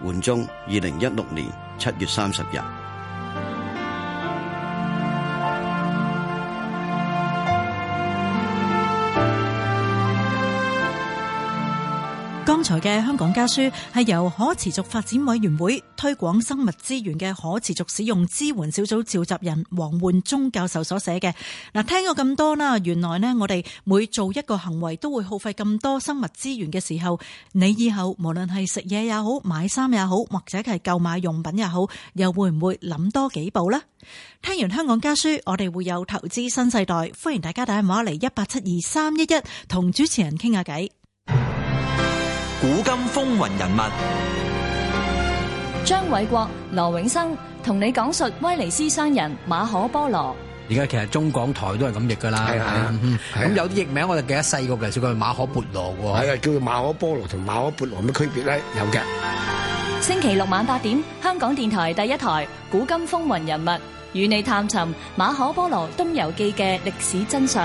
緩中，二零一六年七月三十日。台嘅《香港家書》係由可持續發展委員會推廣生物資源嘅可持續使用支援小組召集人黃煥忠教授所寫嘅。嗱，聽過咁多啦，原來呢，我哋每做一個行為都會耗費咁多生物資源嘅時候，你以後無論係食嘢也好，買衫也好，或者係購買用品也好，又會唔會諗多幾步呢？聽完《香港家書》，我哋會有投資新世代，歡迎大家打下電話嚟一八七二三一一，同主持人傾下偈。古今風雲人物，張偉國、羅永生同你講述威尼斯商人馬可波羅。而家其實中港台都係咁譯噶啦，係啊吧，咁對有啲譯名我就記得細個嘅，叫佢馬可孛羅嘅。係啊，叫做馬可波羅同馬可孛羅有咩區別咧？有嘅。星期六晚八點，香港電台第一台《古今風雲人物》，與你探尋馬可波羅《東遊記》嘅歷史真相。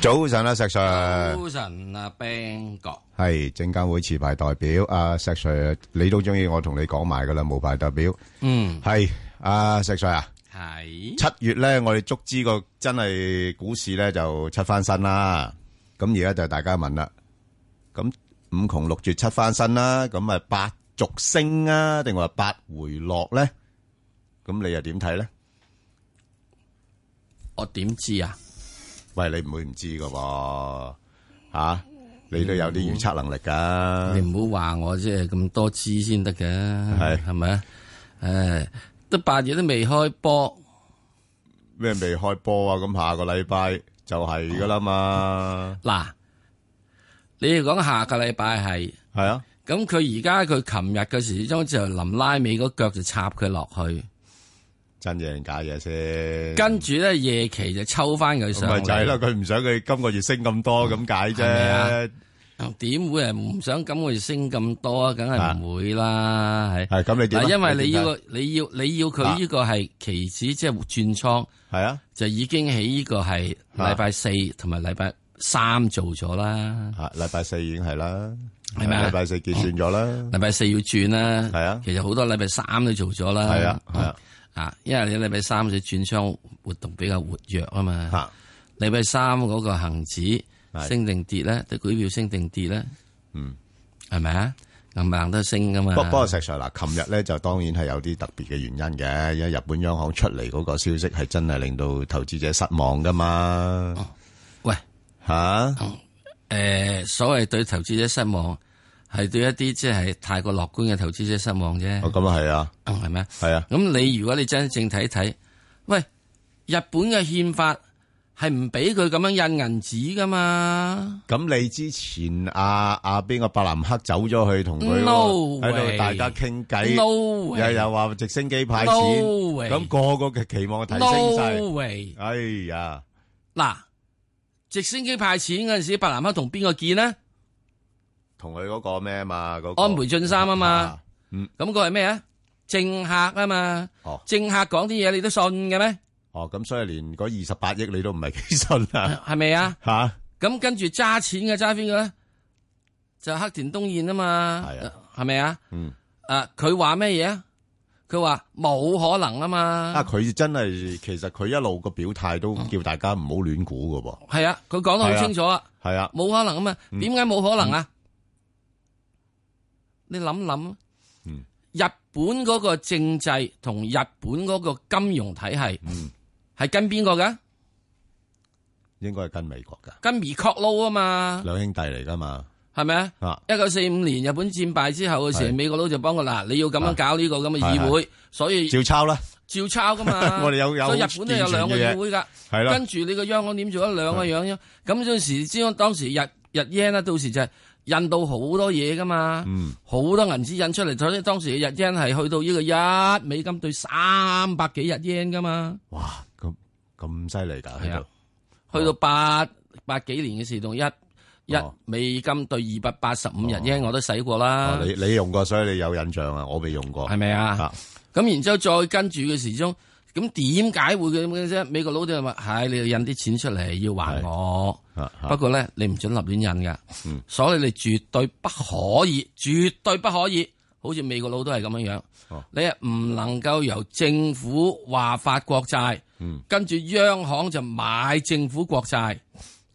早晨啦，石 Sir。早晨啊，Ben 哥。係證監會持牌代表啊，石 Sir，你都中意我同你講埋噶啦，無牌代表。嗯，係啊，石 Sir 啊。係。七月咧，我哋足資個真係股市咧就七翻身啦。咁而家就大家問啦。咁五窮六絕七翻身啦，咁啊八續升啊，定話八回落咧？咁你又點睇咧？我點知啊？喂，你唔會唔知噶喎，啊？吓、啊，你都有啲預測能力噶、啊嗯。你唔好話我即係咁多知先得嘅，係係咪啊？誒、哎，都八月都未開波，咩未開波啊？咁下個禮拜就係噶啦嘛。嗱、嗯，你要講下個禮拜係係啊？咁佢而家佢琴日嘅時鐘就臨拉尾嗰腳，就插佢落去。真嘢定假嘢先？跟住咧，夜期就抽翻佢上嚟。咪就係佢唔想佢今個月升咁多咁解啫。點會係唔想今個月升咁多？梗係唔會啦，係係咁你點？因為你要你要你要佢呢個係期指，即係轉倉。係啊，就已經喺呢個係禮拜四同埋禮拜三做咗啦。禮拜四已經係啦，係咪禮拜四結算咗啦。禮拜四要轉啦。係啊，其實好多禮拜三都做咗啦。係啊。啊，因為你禮拜三嘅轉倉活動比較活躍啊嘛。禮拜、啊、三嗰個恒指升定跌咧，啲是股票升定跌咧，嗯，係咪啊？硬硬都升噶嘛。不過石 sir 嗱，琴日咧就當然係有啲特別嘅原因嘅，因為日本央行出嚟嗰個消息係真係令到投資者失望噶嘛、哦。喂，吓、啊，誒、嗯呃，所謂對投資者失望。係對一啲即係太過樂觀嘅投資者失望啫。哦，咁啊係啊，係咩、嗯？係啊。咁你如果你真正睇睇，喂，日本嘅憲法係唔俾佢咁樣印銀紙噶嘛？咁你之前阿阿邊個伯南克走咗去同佢喺度大家傾偈，又又話直升機派錢，咁 No way. 個個嘅期望提升晒。No way. 哎呀，嗱，直升機派錢嗰陣時，伯南克同邊個見呢？同佢嗰個咩啊嘛，嗰、那個、安倍晉三啊嘛，咁佢係咩啊？啊嗯、政客啊嘛，政客講啲嘢你都信嘅咩？哦，咁所以連嗰二十八億你都唔係幾信啊？係咪啊？吓、啊？咁跟住揸錢嘅揸邊個咧？就是、黑田東彥啊嘛，係啊，係咪啊？嗯，誒，佢話咩嘢啊？佢話冇可能啊嘛。啊，佢真係其實佢一路個表態都叫大家唔好亂估嘅噃。係、嗯、啊，佢講得好清楚啊。係啊，冇可能啊嘛？點解冇可能啊？你諗諗，日本嗰個政制同日本嗰個金融體系係跟邊個嘅？應該係跟美國噶。跟米國佬啊嘛，兩兄弟嚟噶嘛。係咪啊？一九四五年日本戰敗之後嘅時，美國佬就幫佢嗱，你要咁樣搞呢個咁嘅議會，所以照抄啦，照抄噶嘛。我哋有有，所以日本都有兩個議會噶。係咯，跟住你個央行點做咗兩個樣樣咁？嗰陣時，當當時日日耶到時就係。印到好多嘢噶嘛，好、嗯、多銀紙印出嚟，所以當時嘅日元係去到呢個一美金兌三百幾日元噶嘛。哇，咁咁犀利噶，去到去到八八幾年嘅時，同一一美金兌二百八十五日元，哦、我都使過啦，哦。你你用過，所以你有印象啊，我未用過，係咪啊？咁、啊、然之後再跟住嘅時候。咁點解會咁嘅啫？美國佬就話：，係、哎、你要印啲錢出嚟，要還我。的不過咧，你唔准立亂印噶。的所以你絕對不可以，絕對不可以。好似美國佬都係咁樣樣。哦、你呀唔能夠由政府話發國債，嗯、跟住央行就買政府國債，呢、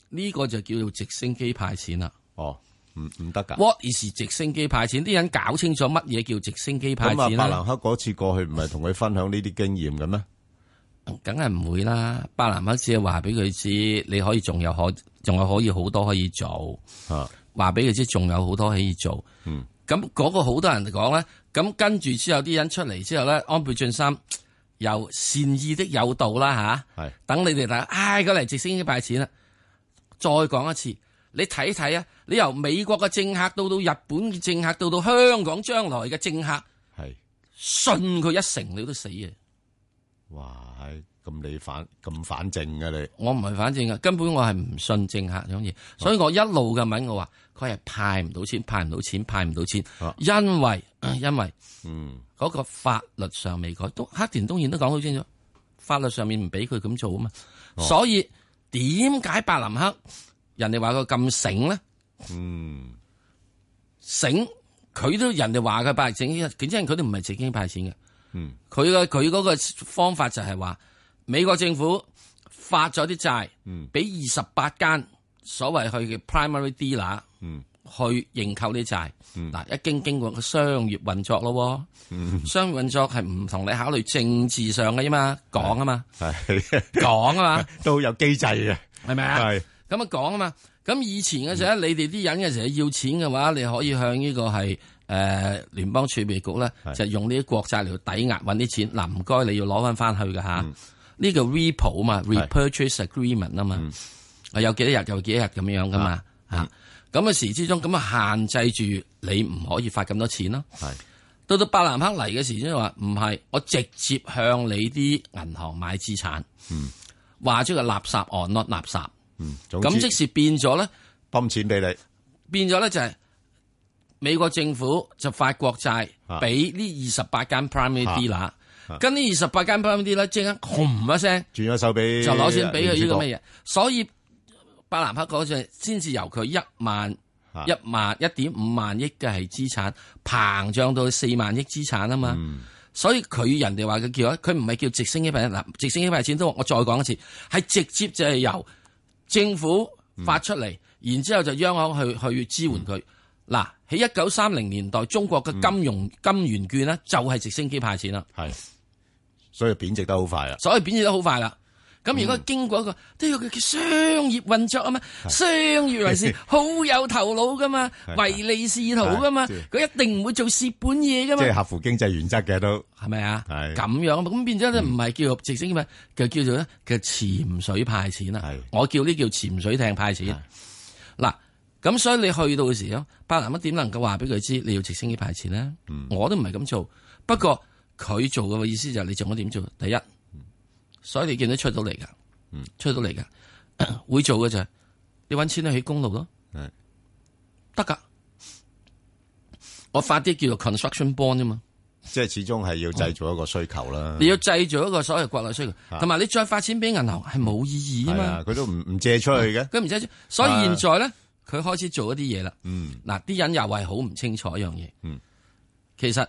呢個就叫做直升機派錢啦。哦唔唔得噶，what？而是直升機派錢，啲人搞清楚乜嘢叫直升機派錢？巴拿克嗰次過去唔係同佢分享呢啲經驗嘅咩？梗係唔會啦。巴拿克只係話俾佢知，你可以仲有可，仲有可以好多可以做。啊，話俾佢知仲有好多可以做。嗯，咁嗰個好多人講咧，咁跟住之後啲人出嚟之後咧，安倍晉三又善意的誘導啦吓，係、啊、等是你哋大家，唉，過嚟直升機派錢啦，再講一次。你睇睇啊！你由美國嘅政客到到日本嘅政客，到到香港將來嘅政客，係是信佢一成你都死啊！哇！咁你反咁反正嘅你，我唔係反正嘅，根本我係唔信政客呢樣嘢，所以我一路嘅問我話，佢係派唔到錢，派唔到錢，派唔到錢，因為、啊、因為，因為嗯嗰個法律上未改，都黑田東彥都講好清楚，法律上面唔俾佢咁做啊嘛，啊所以點解白林克？人哋話佢咁醒咧，嗯，醒佢都人哋話佢派錢啊，點知佢哋唔係直接派錢嘅，嗯，佢個佢嗰個方法就係話美國政府發咗啲債，嗯，俾二十八間所謂去嘅 primary dealer，嗯，去認購啲債，嗱，一經經過個商業運作咯，嗯，商業運作係唔同你考慮政治上嘅啫嘛，講啊嘛，係講啊嘛，都有機制嘅，係咪啊？係。咁啊，講啊嘛。咁以前嘅時候，嗯、你哋啲人嘅時候要錢嘅話，你可以向呢、這個係誒、呃、聯邦儲備局咧，是就用呢啲國債嚟去抵押揾啲錢。嗱、啊，唔該，你要攞翻翻去嘅吓。呢、嗯啊這個 repo 嘛，repurchase agreement 啊嘛。啊，有幾多日就幾多日咁樣嘅嘛嚇。咁嘅時之中，咁啊限制住你唔可以發咁多錢咯、啊。是到到伯南克嚟嘅時先話唔係，我直接向你啲銀行買資產，話咗個垃圾哦，not 垃圾。嗯，咁即時變咗咧，泵錢俾你，變咗咧就係美國政府就發國債俾呢二十八間 primary dealer，跟呢二十八間 primary dealer 即刻轟一聲，轉咗手俾就攞錢俾佢呢個咩嘢，所以巴拿克嗰陣先至由佢一萬一萬一點五萬億嘅係資產、啊、膨脹到四萬億資產啊嘛，嗯、所以佢人哋話佢叫佢唔係叫直升機派錢，嗱，直升機派錢都我再講一次，係直接就係由政府發出嚟，然之後就央行去去支援佢。嗱、嗯，喺一九三零年代，中國嘅金融、嗯、金元券咧，就係直升機派錢啦。係，所以貶值得好快啊！所以貶值得好快啦。咁如果經過一個都要佢叫商業運作啊嘛，商業為事好有頭腦噶嘛，唯利是圖噶嘛，佢一定唔會做蝕本嘢噶嘛，即係合乎經濟原則嘅都係咪啊？係咁樣咁變咗，就唔係叫做直升機，就叫做咧嘅潛水派錢啦。係我叫呢叫潛水艇派錢。嗱，咁所以你去到嘅時候，伯南克點能夠話俾佢知你要直升機派錢咧？嗯，我都唔係咁做，不過佢做嘅意思就係你做我點做？第一。所以你見到你出到嚟噶，嗯、出到嚟噶，會做嘅就係你揾錢都起公路咯，得噶是。我發啲叫做 construction bond 啫嘛，即係始終係要製造一個需求啦。嗯、你要製造一個所謂國內需求，同埋、啊、你再發錢俾銀行係冇意義啊嘛，佢、啊、都唔唔借出去嘅。佢唔借出去，所以現在咧，佢、啊、開始做一啲嘢啦。嗱、嗯，啲、嗯、人又係好唔清楚一樣嘢。其實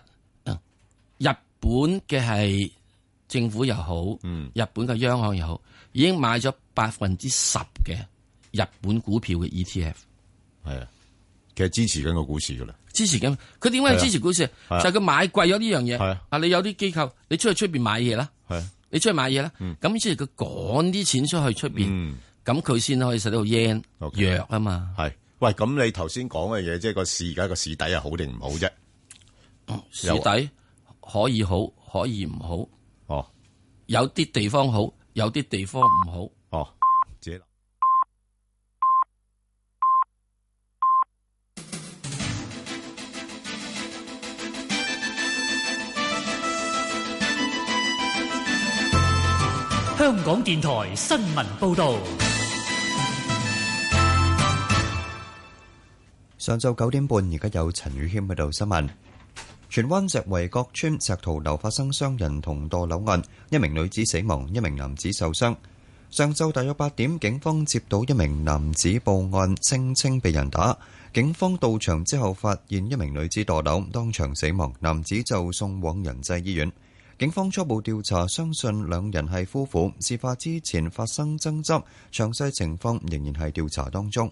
日本嘅係。政府又好，嗯、日本嘅央行又好，已經買咗百分之十嘅日本股票嘅 E T F。係啊，其實支持緊個股市噶啦。支持緊，佢點解支持股市就係佢買貴咗呢樣嘢。係啊，有啊你有啲機構你出去出邊買嘢啦，係、啊、你出去買嘢啦，咁即係佢趕啲錢出去出邊，咁佢先可以使到 yen okay, 弱啊嘛。係喂，咁你頭先講嘅嘢，即係個市而家個市底係好定唔好啫？市底，市底可以好，可以唔好。有啲地方好，有啲地方唔好。哦，知嘞。香港電台新聞報道。上晝九點半，而家有陳宇謙喺度新聞。荃灣石圍角村石屠樓發生傷人同墮樓案，一名女子死亡，一名男子受傷。上晝大約八點，警方接到一名男子報案聲稱被人打。警方到場之後，發現一名女子墮樓當場死亡，男子就送往仁濟醫院。警方初步調查相信兩人係夫婦，事發之前發生爭執，詳細情況仍然係調查當中。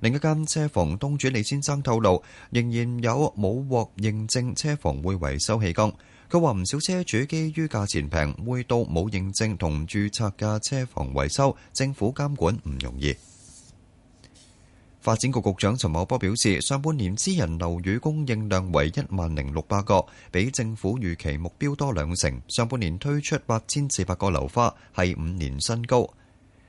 另一間車房東主李先生透露，仍然有冇獲認證車房會維修氣缸。佢話唔少車主基於價錢平，會到冇認證同註冊嘅車房維修。政府監管唔容易。發展局局長陳茂波表示，上半年私人樓宇供應量為一萬零六百個，比政府預期目標多兩成。上半年推出八千四百個樓花，係五年新高。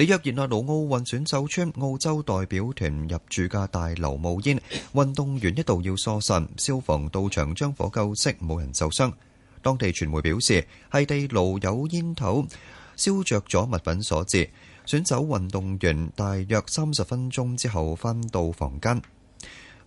里約熱內盧奧運選手村，澳洲代表團入住嘅大樓冒煙，運動員一度要疏散，消防到場將火救熄，冇人受傷。當地傳媒表示係地爐有煙頭燒着咗物品所致。選手運動員大約三十分鐘之後返到房間。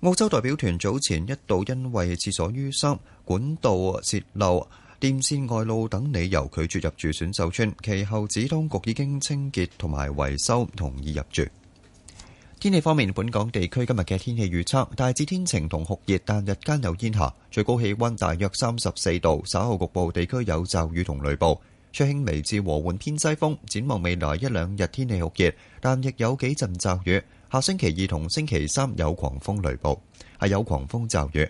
澳洲代表團早前一度因為廁所淤塞，管道泄漏。電線外露等理由拒絕入住選手村，其後指當局已經清潔同埋維修，同意入住。天氣方面，本港地區今日嘅天氣預測大致天晴同酷熱，但日間有煙霞，最高氣温大約三十四度，稍後局部地區有驟雨同雷暴，吹輕微至和緩偏西風。展望未來一兩日天氣酷熱，但亦有幾陣驟雨。下星期二同星期三有狂風雷暴，係有狂風驟雨。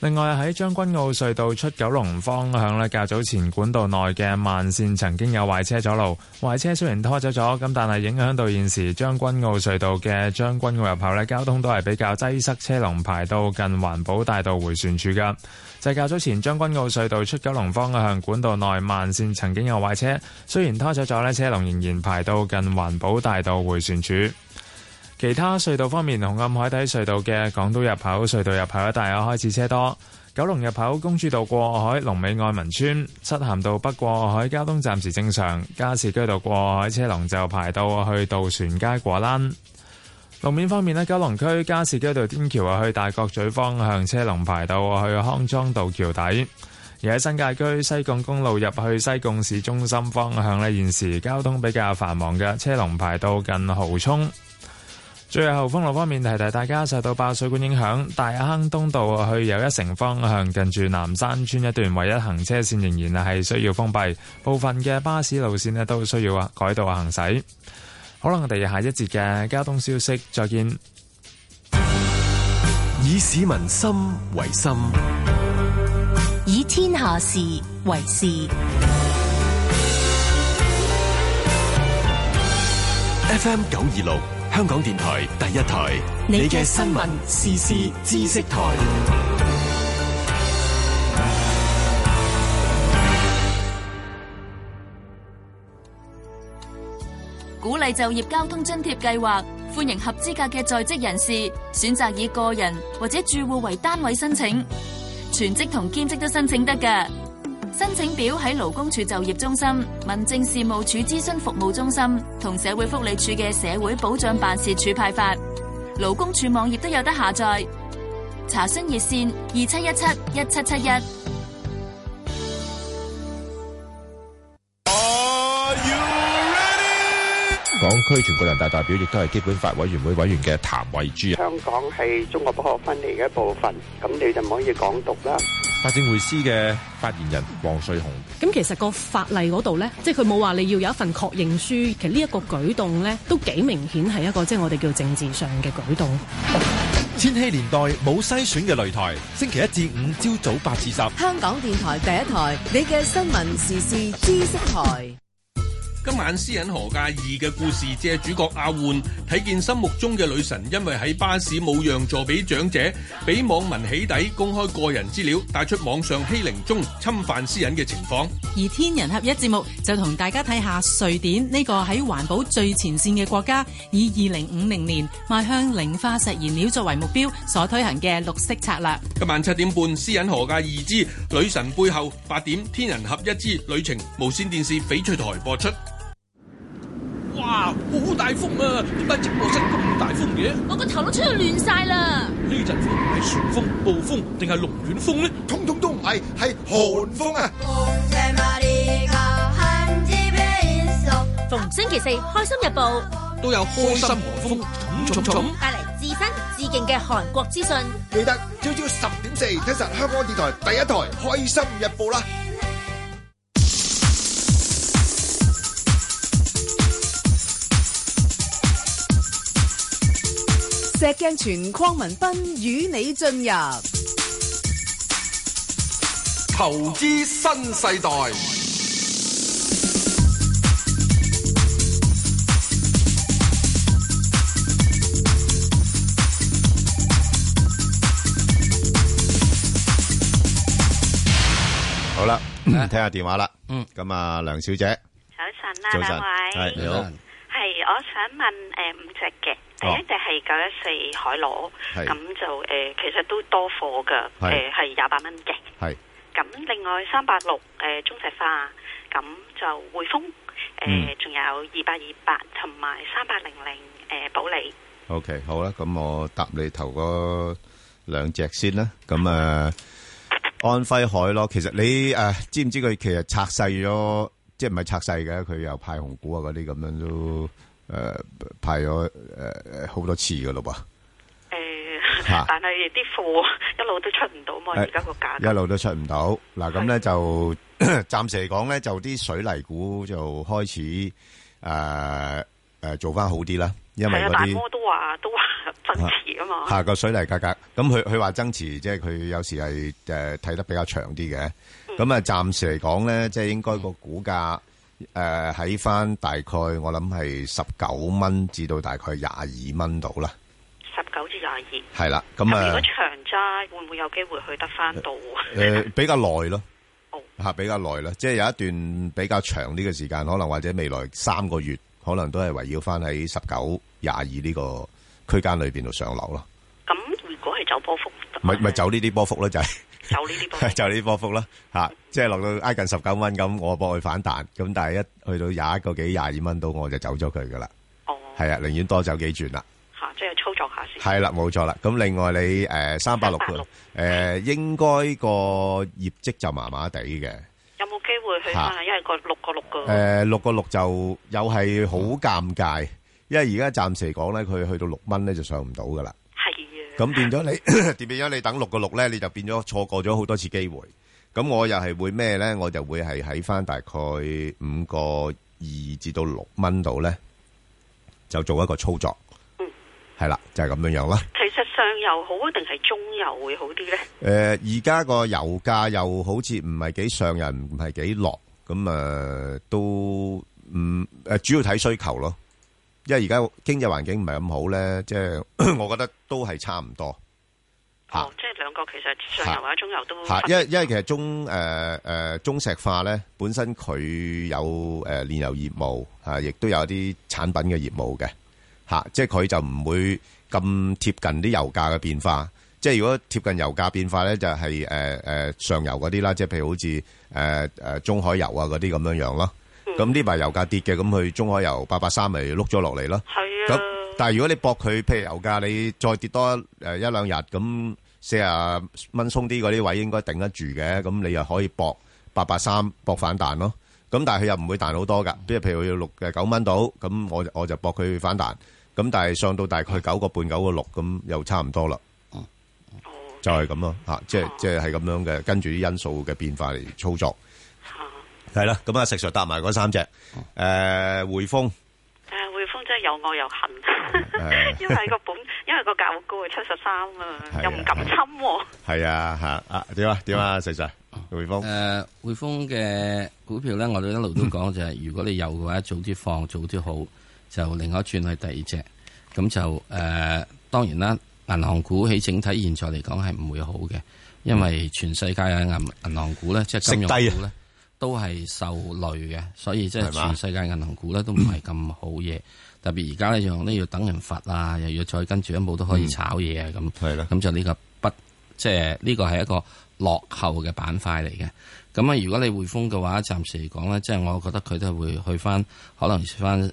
另外喺將軍澳隧道出九龍方向咧，較早前管道內嘅慢線曾經有壞車阻路，壞車雖然拖走咗，咁但係影響到現時將軍澳隧道嘅將軍澳入口咧，交通都係比較擠塞，車龍排到近環保大道回旋處噶。就係較早前將軍澳隧道出九龍方向管道內慢線曾經有壞車，雖然拖走咗咧，車龍仍然排到近環保大道回旋處。其他隧道方面，紅磡海底隧道嘅港島入口隧道入口一帶開始車多；九龍入口公主道過海、龍尾愛民村、漆咸道北過海交通暫時正常；加士居道過海車龍就排到去渡船街果欄。路面方面咧，九龍區加士居道天橋去大角咀方向車龍排到去康莊道橋底；而喺新界區西貢公路入去西貢市中心方向咧，現時交通比較繁忙嘅車龍排到近蠔涌。最後，封路方面提提大家，受到爆水管影響，大坑東道去又一城方向近住南山村一段唯一行車線仍然係需要封閉，部分嘅巴士路線咧都需要改道行駛。好啦，我哋下一節嘅交通消息再見。以市民心為心，以天下事為事，以天下事為事。F M 九二六。香港電台第一台，你嘅新聞時事知識台。鼓勵就業交通津貼計劃，歡迎合資格嘅在職人士選擇以個人或者住戶為單位申請，全職同兼職都申請得噶。申請表喺勞工處就業中心、民政事務處諮詢服務中心同社會福利署嘅社會保障辦事處派發，勞工處網頁都有得下載。查詢熱線二七一七一七七一。you 港區全國人大代表亦都係基本法委員會委員嘅譚慧珠。香港係中國不可分離嘅一部分，咁你就唔可以港獨啦。法政匯思嘅發言人黃瑞紅，咁其實個法例嗰度咧，即係佢冇話你要有一份確認書，其實呢一個舉動咧，都幾明顯係一個即係、就是、我哋叫政治上嘅舉動。千禧年代冇篩選嘅擂台，星期一至五朝早八至十，香港電台第一台，你嘅新聞時事知識台。今晚私隱何價二嘅故事，借主角阿煥睇見心目中嘅女神，因為喺巴士冇讓座俾長者，俾網民起底公開個人資料，帶出網上欺凌中侵犯私隱嘅情況。而天人合一節目就同大家睇下瑞典呢個喺環保最前線嘅國家，以二零五零年邁向零化石燃料作為目標所推行嘅綠色策略。今晚七點半，私隱何價二之女神背後，八點天人合一之旅程，無線電視翡翠台播出。哇，好大風啊！點解直播室咁大風嘅啊？我個頭都吹到亂晒啦！呢陣風係旋風、暴風定係龍捲風咧？通通都唔係，係韓風啊！逢星期四開心日報都有開心和風，重，重、重，重、重帶嚟自身致敬嘅韓國資訊。記得朝朝十點四聽實香港電台第一台開心日報啦！石鏡泉鄺民彬與你進入投資新世代。 好啦，聽下電話啦。嗯，咁啊，梁小姐，早晨啊，兩位，你好，係我想問誒，五隻嘅。Oh. 第一隻係九一四海螺，咁是就誒、呃、其實都多貨嘅，誒係廿八蚊嘅。係咁、呃，是另外三八六誒中石化，咁就匯豐，誒、呃、仲、嗯、有二百二八同埋三百零零誒保利。OK，好啦，咁我答你頭嗰兩隻先啦。咁啊、呃，安徽海螺，其實你誒、呃、知唔知佢其實拆細咗？即係唔係拆細嘅？佢又派紅股啊，嗰啲咁樣都。誒，排咗誒誒好多次噶咯噃，誒、欸，啊、但係啲貨一路都出唔到嘛，而家個價一路都出唔到。嗱是，咁咧、啊、就暫時嚟講咧，就啲水泥股就開始誒誒、呃呃、做翻好啲啦。因為嗰啲大摩都話都話增持啊嘛。吓個、啊啊、水泥價格，格，咁佢佢話增持，即係佢有時係誒睇得比較長啲嘅。咁啊、嗯，暫時嚟講咧，即、就、係、是、應該個股價。誒，喺翻、呃、大概我諗係十九蚊至到大概廿二蚊度啦，十九至廿二係啦。咁啊，嗯、如果長揸會唔會有機會去得翻到？誒、呃呃，比較耐咯，吓 比較耐啦，即係有一段比較長啲嘅時間，可能或者未來三個月，可能都係圍繞翻喺十九廿二呢個區間裏邊度上落咯。咁如果係走波幅，唔係唔係走呢啲波幅咧，就係、是。就呢啲波，就呢啲波幅啦，吓，即係落到挨近十九蚊咁，我搏佢反彈，咁但係一去到廿一個幾、廿二蚊到，我就走咗佢噶啦。哦，係啊，寧願多走幾轉啦。吓，即係操作下先。係啦，冇錯啦。咁另外你誒三百六，誒，應該個業績就麻麻地嘅。有冇機會去翻？因為個六個六個。誒，六個六就又係好尷尬，因為而家暫時嚟講咧，佢去到六蚊咧就上唔到噶啦。咁變咗你，變 咗你等六個六咧，你就變咗錯過咗好多次機會。咁我又係會咩咧？我就會係喺翻大概五個二至到六蚊度咧，就做一個操作。嗯，係啦，就係咁樣樣啦。其實上游好定係中游會好啲咧？誒、呃，而家個油價又好似唔係幾上人，又唔係幾落，咁誒、呃、都唔誒、嗯呃、主要睇需求咯。因為而家經濟環境唔係咁好咧，即、就、係、是、 我覺得都係差唔多。哦，啊、即係兩個其實上游或者中游都，吓、啊，因為因為其實中誒誒、呃呃、中石化咧本身佢有誒煉、呃、油業務吓，亦、啊、都有啲產品嘅業務嘅吓、啊，即係佢就唔會咁貼近啲油價嘅變化。即係如果貼近油價變化咧，就係誒誒上游嗰啲啦，即係譬如好似誒誒中海油啊嗰啲咁樣樣咯。咁呢排油價跌嘅，咁佢中海油八八三咪碌咗落嚟咯。係啊。咁但係如果你搏佢，譬如油價你再跌多誒一兩日，咁四啊蚊鬆啲嗰啲位應該頂得住嘅。咁你又可以搏八八三搏反彈咯。咁但係佢又唔會彈好多噶。即係譬如佢要六誒九蚊到，咁我我就搏佢反彈。咁但係上到大概九個半九個六，咁又差唔多啦。哦。就係咁咯，吓，即係即係係咁樣嘅，跟住啲因素嘅變化嚟操作。係啦，咁、呃、啊，石 Sir 答埋嗰三隻，誒、啊，匯豐，誒，匯豐真係又愛又恨，因為個本，因為個價好高 73, 哦、啊，七十三啊，又唔敢侵，係啊，吓、啊啊，啊，點啊，點啊，石 Sir、嗯，匯豐豐，誒、呃，匯豐嘅股票咧，我哋一路都講就係、是，如果你有嘅話，早啲放，早啲好，就另一轉係第二隻，咁就誒、呃，當然啦，銀行股喺整體現在嚟講係唔會好嘅，因為全世界嘅銀銀行股咧，即係金融股，股食帖 都係受累嘅，所以即係全世界銀行股咧都唔係咁好嘢。係嗎？特別而家呢，仲都要等人罰啊，又要再跟住一步都可以炒嘢啊咁。係啦，咁就呢個不即係呢個係一個落後嘅板塊嚟嘅。咁啊，如果你匯豐嘅話，暫時嚟講咧，即係我覺得佢都會去翻，可能翻誒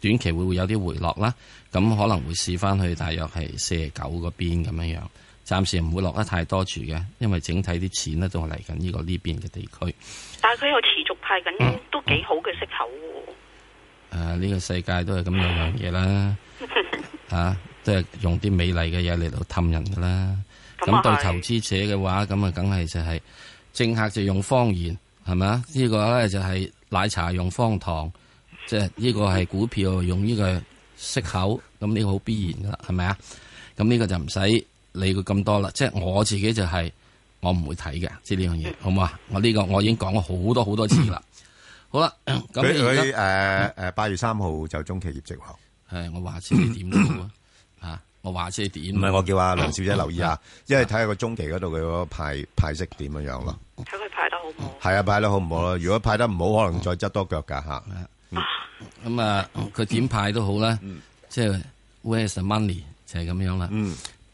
短期會會有啲回落啦。咁可能會試翻去大約係四九嗰邊咁樣樣。暫時唔會落得太多住嘅，因為整體啲錢咧都係嚟緊呢個呢邊嘅地區。但係佢又持續派緊，嗯、都幾好嘅息口喎。呢、啊呢個世界都係咁樣樣嘢啦，嚇、 啊，都係用啲美麗嘅嘢嚟到氹人噶啦。咁對投資者嘅話，咁啊梗係就係政客就用方言，係咪啊？呢、呢個咧就係奶茶用方糖，即係呢個係股票用呢個息口，咁、呢、呢個好必然噶啦，係咪啊？咁、呢、呢個就唔使。理佢咁多啦，即係我自己就係我唔會睇嘅，即係呢樣嘢，好唔好啊？我呢個我已經講咗好多好多次啦。好啦，咁佢，誒誒，八月三號就中期業績喎。係我話知點都好啊，吓我話知點。唔係我叫阿梁小姐留意下，因為睇下個中期嗰度佢個派派息點樣樣咯。睇佢派得好唔好？係啊，派得好唔好咯？如果派得唔好，可能再執多腳噶吓。咁啊，佢點派都好啦，即係 where is the money 就係咁樣啦。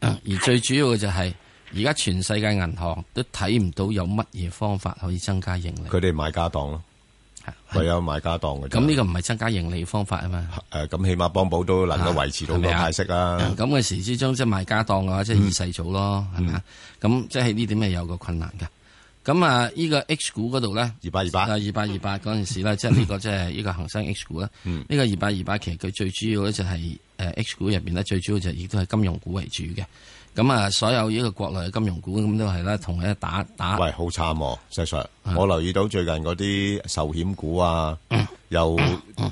嗯、而最主要嘅就係而家全世界銀行都睇唔到有乜嘢方法可以增加盈利。佢哋賣家當咯，係啊是，賣家當嘅。咁呢、嗯、個唔係增加盈利方法啊嘛。誒，咁起碼幫補都能夠維持到個派息啦。咁嘅時之中即係賣家當嘅話，即係二世祖咯，係咪啊？咁即係呢點係有個困難嘅。咁啊，呢個 H 股嗰度咧，二八二八啊，二八二八嗰陣時咧， 即係呢 個即係呢個恒生 H 股啦。呢個二八二八其實佢最主要咧就係、是、誒、uh, H 股入邊咧，最主要就亦都係金融股為主嘅。咁啊，所有呢個國內嘅金融股咁都係啦，同佢一打打。打喂，好慘、哦，石 Sir< 是>，我留意到最近嗰啲壽險股啊， 又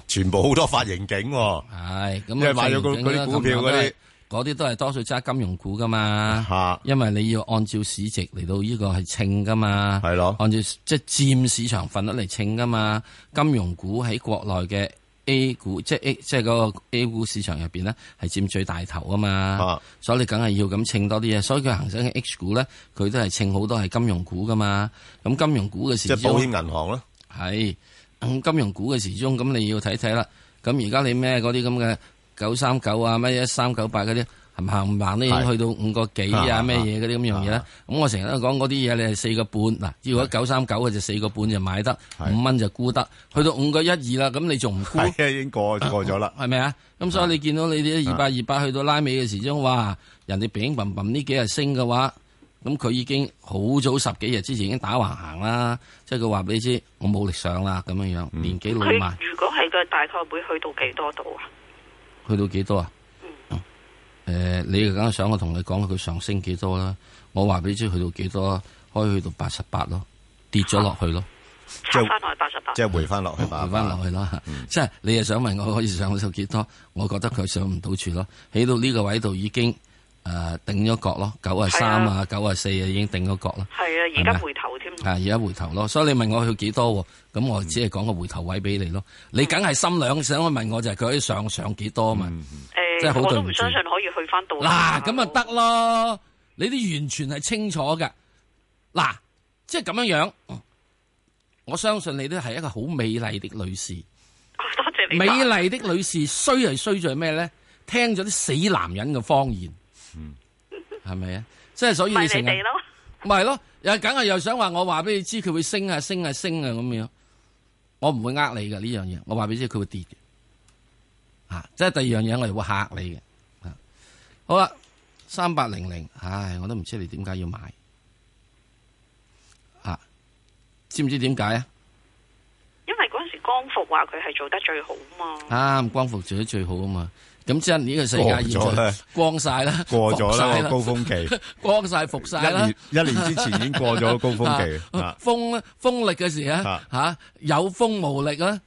全部好多發盈警、啊，係， 因為買咗嗰嗰啲股票啲。嗰啲都係多數揸金融股噶嘛，uh huh. 因為你要按照市值嚟到呢個係稱噶嘛，係咯的，按照即係佔市場份額嚟稱噶嘛。金融股喺國內嘅 A 股，即係即係嗰個 A 股市場入邊呢，係佔最大頭噶嘛，uh huh. 所。所以你梗係要咁稱多啲嘢，所以佢恒生嘅 H 股咧，佢都係稱好多係金融股噶嘛。咁金融股嘅時鐘，即係保險銀行咯。係咁，金融股嘅時鐘，咁你要睇睇啦。咁而家你咩嗰啲咁嘅？九三九啊，乜一三九八嗰啲行行唔行咧？都已經去到五個幾啊，咩嘢嗰啲咁樣嘢咧？咁我成日都講嗰啲嘢，你係四個半嗱，如果九三九嘅，就四個半就買得，五蚊就沽得，去到五個一二啦，咁你仲唔沽？已經過過咗啦，係咪啊？咁所以你見到你啲二八二八去到拉尾嘅時候，哇！人哋餅嘭嘭呢幾日升嘅話，咁佢已經好早十幾日之前已經打橫行啦。即係佢話俾你知，我冇力上啦，咁樣樣年紀老邁。如果係佢大概會去到幾多度啊？去到幾多啊？誒、嗯呃，你又梗係想我同你講佢上升幾多啦、啊？我話俾你知去到幾多、啊，可以去到八十八咯，跌咗落去咯，啊、就即係翻落去八十八，即係回翻落去吧，回翻落去啦。嗯、即係你又想問我可以上去到幾多？我覺得佢上唔到處咯，起到呢個位度已經誒頂咗角咯，九啊三啊，九啊四啊已經頂咗角咯。係啊，而家、啊、回。啊！而家回頭咯，所以你問我去幾多，咁我只係講個回頭位俾你咯。你梗係心兩想，我問我就係佢可以上上幾多嘛？誒、嗯嗯欸，我都唔相信可以去翻到、啊。嗱，咁啊得咯，你啲完全係清楚嘅。嗱，即係咁樣樣、哦，我相信你都係一個好美麗的女士。多謝你。美麗的女士，哈哈，衰係衰在咩咧？聽咗啲死男人嘅謊言，係咪啊？即係 所以成日。 咪係咯，又梗係又想話我話俾你知佢會升啊升啊升啊咁樣，我唔會呃你噶呢樣嘢，我話俾你知佢會跌嘅，啊，即係第二樣嘢我哋會吓你嘅，啊，好啦，三八零零，唉，我都唔知你點解要買，啊，知唔知點解啊？因為嗰陣時光伏話佢係做得最好啊嘛，啊，光伏做得最好啊嘛。咁即係呢個世界已經過咗啦，光晒啦，過咗啦個高峰期，光晒復晒啦。一年一年之前已經過咗高峰期。風風力嘅時啊，吓有風無力啊，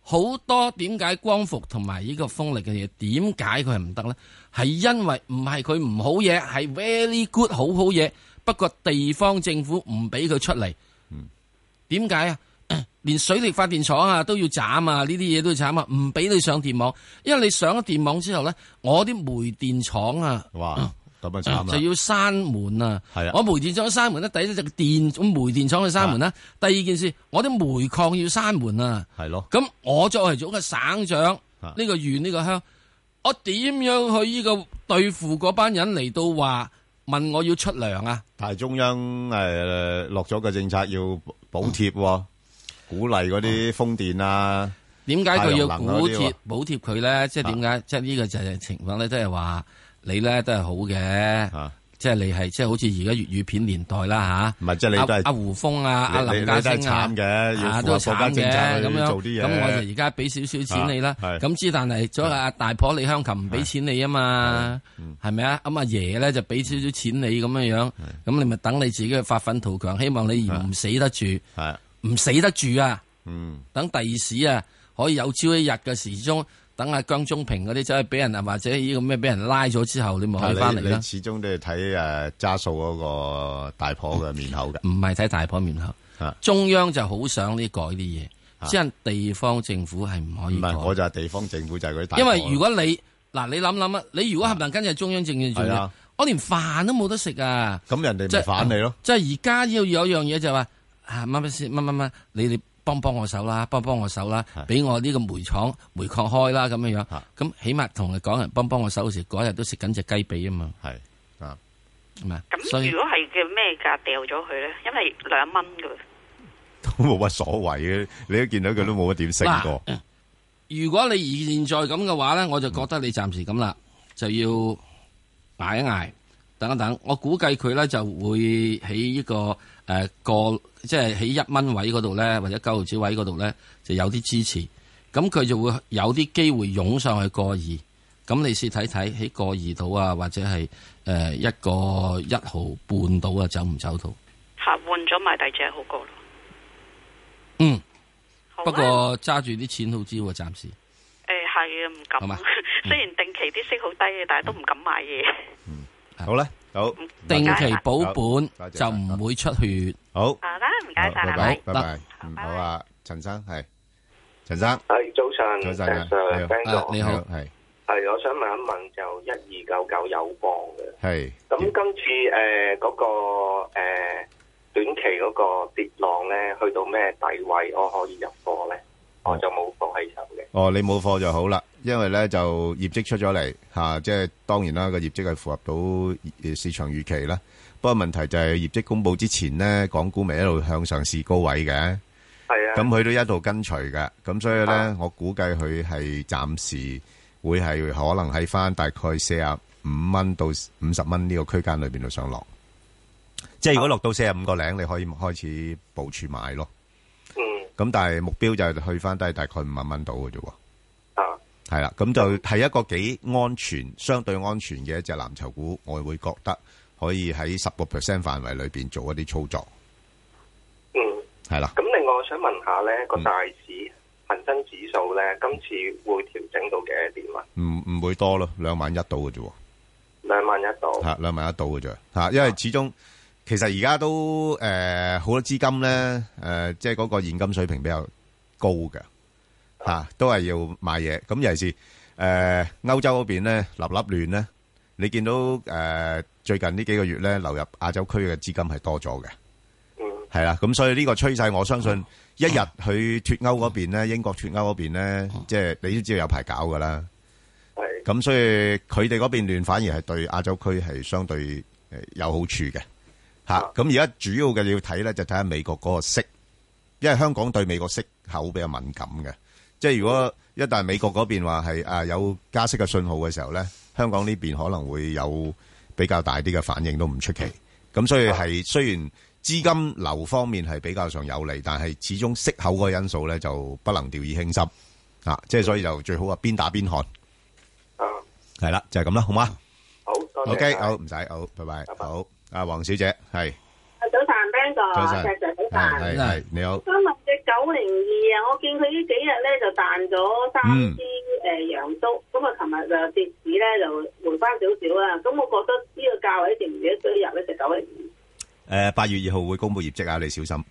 好多點解光伏同埋呢個風力嘅嘢，點解佢係唔得咧？係因為唔係佢唔好嘢，係 very good 好好嘢，不過地方政府唔俾佢出嚟。點解啊？連水力發電廠啊都要斬啊，呢啲嘢都要斬啊，唔俾你上電網，因為你上咗電網之後咧，我啲煤電廠啊，哇，特就，就要閂門啊，啊我煤電廠要閂門咧、啊，第一只電，煤電廠要閂門啦、啊，啊、第二件事，我啲煤礦要閂門啊，係咯、啊，咁我作為咗個省長，呢、這個縣呢、這個鄉，我點樣去呢個對付嗰班人嚟到話問我要出糧啊？但係中央誒落咗個政策要補貼、啊。鼓勵嗰啲風電啊？點解佢要補貼補貼佢咧？即係點解？即係呢個就係情況咧，即係話你咧都係好嘅。即係你係即係好似而家粵語片年代啦吓。唔係，即係你都係阿胡楓啊，阿林家聲慘嘅，都係國家政策咁樣。咁我就而家俾少少錢你啦。咁之但係咗阿大婆李香琴唔俾錢你啊嘛，係咪啊？咁阿爺咧就俾少少錢你咁樣樣。咁你咪等你自己去發奮圖強，希望你唔死得住。唔死得住啊！嗯，等第二時啊，可以有朝一日嘅時鐘，等阿、啊、江中平嗰啲走去俾人啊，或者呢個咩俾人拉咗之後，你望翻嚟啦。你你始終都係睇誒，揸數嗰個大婆嘅面口嘅。唔係睇大婆面口，中央就好想呢改啲嘢，啊、只係地方政府係唔可以。唔係，我就係地方政府就係佢啲。因為如果你嗱，你諗諗啊，你如果合能跟住係中央政權住，嘅、啊，我連飯都冇得食啊！咁人哋咪反你咯。即係而家要有樣嘢就係話。啊！乜乜乜乜你哋幫幫我手啦，幫幫我手啦，俾我呢個煤廠煤礦開啦咁樣樣。咁的起碼同你講，人幫幫我手時，嗰日都食緊隻雞髀啊嘛。係啊，咁如果係叫咩價掉咗佢咧，因為兩蚊噶，都冇乜所謂嘅。你都見到佢都冇乜點升過、嗯啊啊。如果你現在咁嘅話咧，我就覺得你暫時咁啦，就要挨一挨，等一等。我估計佢咧就會喺呢、這個。誒、呃、過即係喺一蚊位嗰度咧，或者九毫紙位嗰度咧，就有啲支持。咁佢就會有啲機會湧上去過二。咁你試睇睇喺過二度啊，或者係誒一個一毫半度啊，走唔走到？嚇，換咗買第二隻好過啦。嗯。啊、不過揸住啲錢好知喎，暫時。誒啊、欸，唔敢。係嗎、嗯、雖然定期啲息好低嘅，但係都唔敢買嘢。嗯，好啦、啊。好，定期保本就唔會出血。好，唔該晒，好，拜拜。好啊，陳生係，陳生係，早晨，早晨，你好，係，係，我想問一問，就一二九九有幫嘅，係。咁今次誒嗰個誒短期嗰個跌浪咧，去到咩底位，我可以入貨咧？我就冇貨喺手嘅。哦，你冇貨就好啦，因為咧就業績出咗嚟吓，即係當然啦，個業績係符合到市場預期啦。不過問題就係業績公布之前呢，港股未一路向上試高位嘅。係啊。咁佢都一路跟隨嘅，咁所以咧，我估計佢係暫時會係可能喺翻大概四十五蚊到五十蚊呢個區間裏邊度上落。啊、即係如果落到四十五個零，你可以開始部署買咯。咁但係目標就係去翻低大概五萬蚊到嘅啫喎，啊係啦，咁就係一個幾安全、相對安全嘅一隻藍籌股，我會覺得可以喺十個 percent 範圍裏邊做一啲操作。嗯，係啦的。咁另外我想問下咧，個大市恒生指數咧，今次會調整到幾多點啊？唔唔會多咯，兩萬一度嘅啫。兩萬一度，吓兩萬一度嘅啫，吓因為始終。其實而家都誒，好、呃、多資金咧誒，即係嗰個現金水平比較高嘅吓、啊，都係要買嘢咁。尤其是誒歐、呃、洲嗰邊咧，立立亂咧，你見到誒、呃、最近呢幾個月咧流入亞洲區嘅資金係多咗嘅，係啦、嗯。咁所以呢個趨勢，我相信一日去脱歐嗰邊咧，嗯、英國脱歐嗰邊咧，即係、嗯、你都知道有排搞噶啦。係咁、嗯，所以佢哋嗰邊亂，反而係對亞洲區係相對誒有好處嘅。吓，咁而家主要嘅要睇咧，就睇下美國嗰個息，因為香港對美國息口比較敏感嘅。即係如果一旦美國嗰邊話係啊有加息嘅信號嘅時候咧，香港呢邊可能會有比較大啲嘅反應，都唔出奇。咁所以係雖然資金流方面係比較上有利，但係始終息口嗰個因素咧就不能掉以輕心啊。即係所以就最好啊邊打邊看啊。係啦，就係咁啦，好嘛？好謝謝，OK，好唔使，好，拜拜，好。Bye bye, bye bye. 好阿黃小姐係，早晨，阿 Ben 哥，早晨，早晨，你好。今日隻九零二啊，我見佢呢幾日咧就彈咗三支誒陽燭，咁啊，琴日就跌市咧就回翻少少啦。咁我覺得呢個價位仲唔值得追入咧？隻九零二。誒，八月二號會公布業績啊，你小心。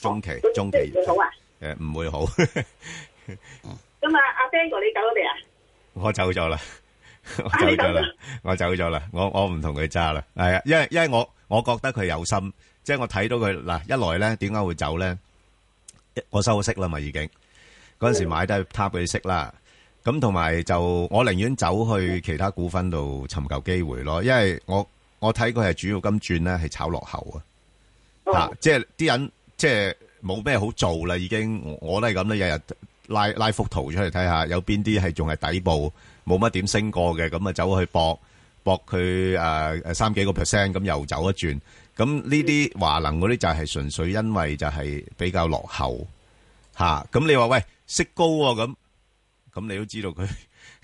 中期，中期好啊。誒，唔會好。咁啊，阿 Ben 哥，你走咗未啊？我走咗啦。我走咗啦，我走咗啦，我我唔同佢揸啦，係啊，因為因為我我覺得佢有心，即係我睇到佢嗱，一來咧，點解會走咧？我收息啦嘛，已經嗰陣時買都係攤股息啦，咁同埋就我寧願走去其他股份度尋求機會咯，因為我我睇佢係主要金鑽咧係炒落後啊，嗱，即係啲人即係冇咩好做啦，已經我我都係咁啦，日日拉拉幅圖出嚟睇下，有邊啲係仲係底部。冇乜點升過嘅，咁啊走去搏搏佢誒誒三幾個 percent 咁又走一轉，咁呢啲華能嗰啲就係純粹因為就係比較落後吓，咁、啊、你話喂息高咁、哦，咁你都知道佢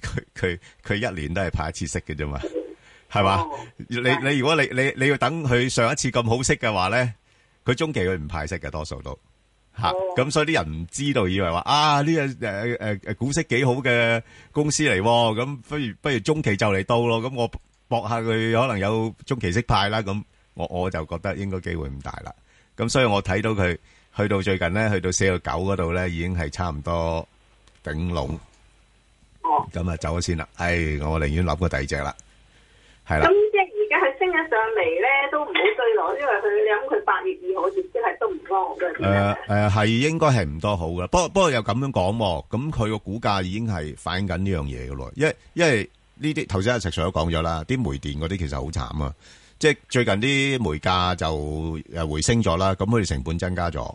佢佢佢一年都係派一次息嘅啫嘛，係嘛？ 你你如果你你你要等佢上一次咁好息嘅話咧，佢中期佢唔派息嘅多數都。吓，咁所以啲人唔知道，以為話啊呢個誒誒誒股息幾好嘅公司嚟，咁不如不如中期就嚟到咯，咁我搏下佢可能有中期息派啦，咁我我就覺得應該機會唔大啦。咁所以我睇到佢去到最近咧，去到四個九嗰度咧，已經係差唔多頂籠。哦。咁啊，走咗先啦。誒，我寧願諗個第二隻啦。係啦。而家佢升咗上嚟咧，都唔好追落，因為佢你諗佢八月二號業績係都唔多好嘅。誒誒，係應該係唔多好嘅。不過不過又咁樣講喎，咁佢個股價已經係反映緊呢樣嘢嘅咯。因為因為呢啲頭先阿石 Sir 都講咗啦，啲煤電嗰啲其實好慘啊。即係最近啲煤價就誒回升咗啦，咁佢哋成本增加咗，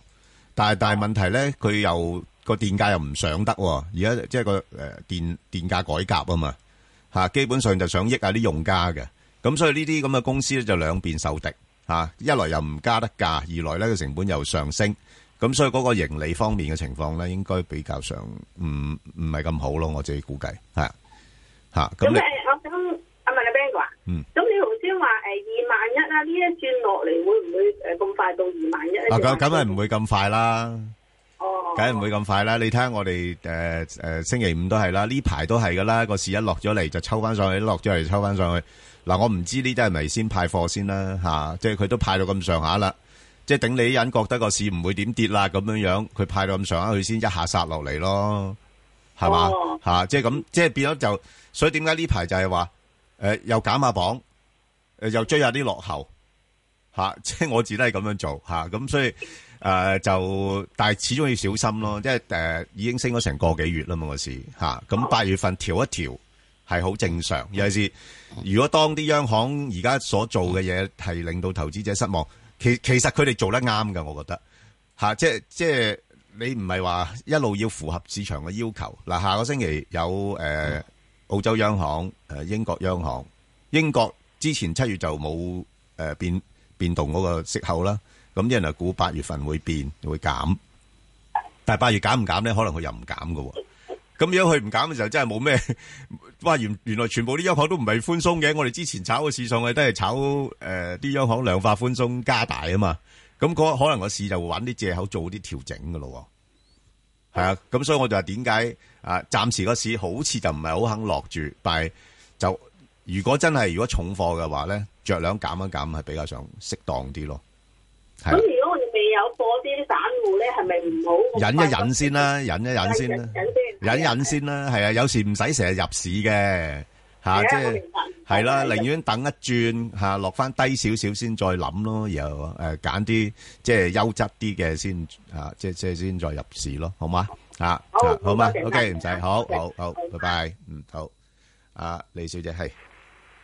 但係但係問題咧，佢又個電價又唔上得。而家即係個誒電電價改革啊嘛嚇，基本上就想益下啲用家嘅。咁所以呢啲咁嘅公司咧就兩邊受敵，吓一來又唔加得價，二來咧個成本又上升，咁所以嗰個盈利方面嘅情況咧應該比較上唔唔係咁好咯，我自己估計係吓咁。咁誒，我想我問你 Bang 哥啊？嗯。咁你頭先話誒二萬一啦，呢一轉落嚟會唔會誒咁快到二萬一？啊，咁咁係唔會咁快啦。哦，梗係唔會咁快啦。你睇下我哋誒誒星期五都係啦，呢排都係噶啦。個市一落咗嚟就抽翻上去，一落咗嚟抽翻上去。嗱，我唔知呢啲係咪先派貨先啦，嚇、啊，即係佢都派到咁上下啦，即係頂你啲人覺得個市唔會點跌啦咁樣樣，佢派到咁上下，佢先一下殺落嚟咯，係嘛？嚇、哦啊，即係咁，即係變咗就，所以點解呢排就係話，誒、呃、又減下磅，誒、呃、又追下啲落後，嚇、啊，即係我自己都係咁樣做嚇，咁、啊、所以誒、呃、就，但係始終要小心咯，即係誒、呃、已經升咗成個幾月啦嘛、那個市嚇，咁、啊、八月份調一調。係好正常，尤其是如果當啲央行而家所做嘅嘢係令到投資者失望，其其實佢哋做得啱㗎，我覺得嚇、啊，即係即係你唔係話一路要符合市場嘅要求嗱、啊。下個星期有誒、呃、澳洲央行、誒、啊、英國央行，英國之前七月就冇誒、呃、變變動嗰個息口啦，咁、啊、啲人就估八月份會變會減，但係八月減唔減咧？可能佢又唔減㗎喎。咁如果佢唔減嘅時候，真係冇咩，哇原原來全部啲央行都唔係寬鬆嘅，我哋之前炒個市上去，都係炒誒啲、呃、央行量化寬鬆加大啊嘛，咁可能個市就會揾啲藉口做啲調整嘅咯，係啊，咁所以我就話點解啊，暫時個市好似就唔係好肯落住，但係就如果真係如果重貨嘅話咧，着兩減一減係比較上適當啲咯。咁、啊、如果我哋未有貨啲散戶咧，係咪唔好忍一忍先啦，忍一忍先啦。忍忍先啦，係啊，有時唔使成日入市嘅，吓即係係啦，寧願等一轉吓落翻低少少先再諗咯，然後誒揀啲即係優質啲嘅先吓，即即係先再入市咯，好嘛吓，好嘛，OK 唔使，好好好，拜拜，嗯好，啊李小姐係，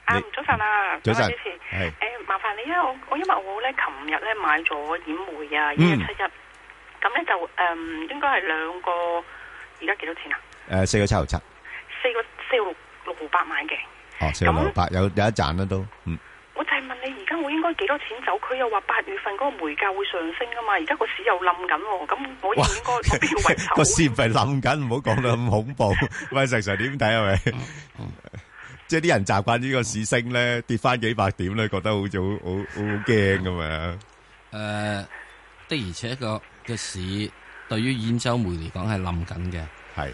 啊唔早晨啊，早晨，係誒麻煩你啊，我我因為我咧琴日咧買咗染眉啊，二月七日，咁咧就誒應該係兩個。而家幾多錢啊？誒，四個七毫七。四個四六六毫八蚊嘅。哦，四六六八有有一賺啦都。嗯。我就係問你而家我應該幾多錢走？佢又話八月份嗰個煤價會上升㗎嘛，而家個市又冧緊喎，咁我應該我邊要搵手？個市唔係冧緊，唔好講得咁恐怖。喂，成成點睇係咪？即係啲人習慣呢個市升咧，跌翻幾百點咧，覺得好似好好好驚咁樣？誒，的而且個個市。對於煙州煤嚟講係冧緊嘅，係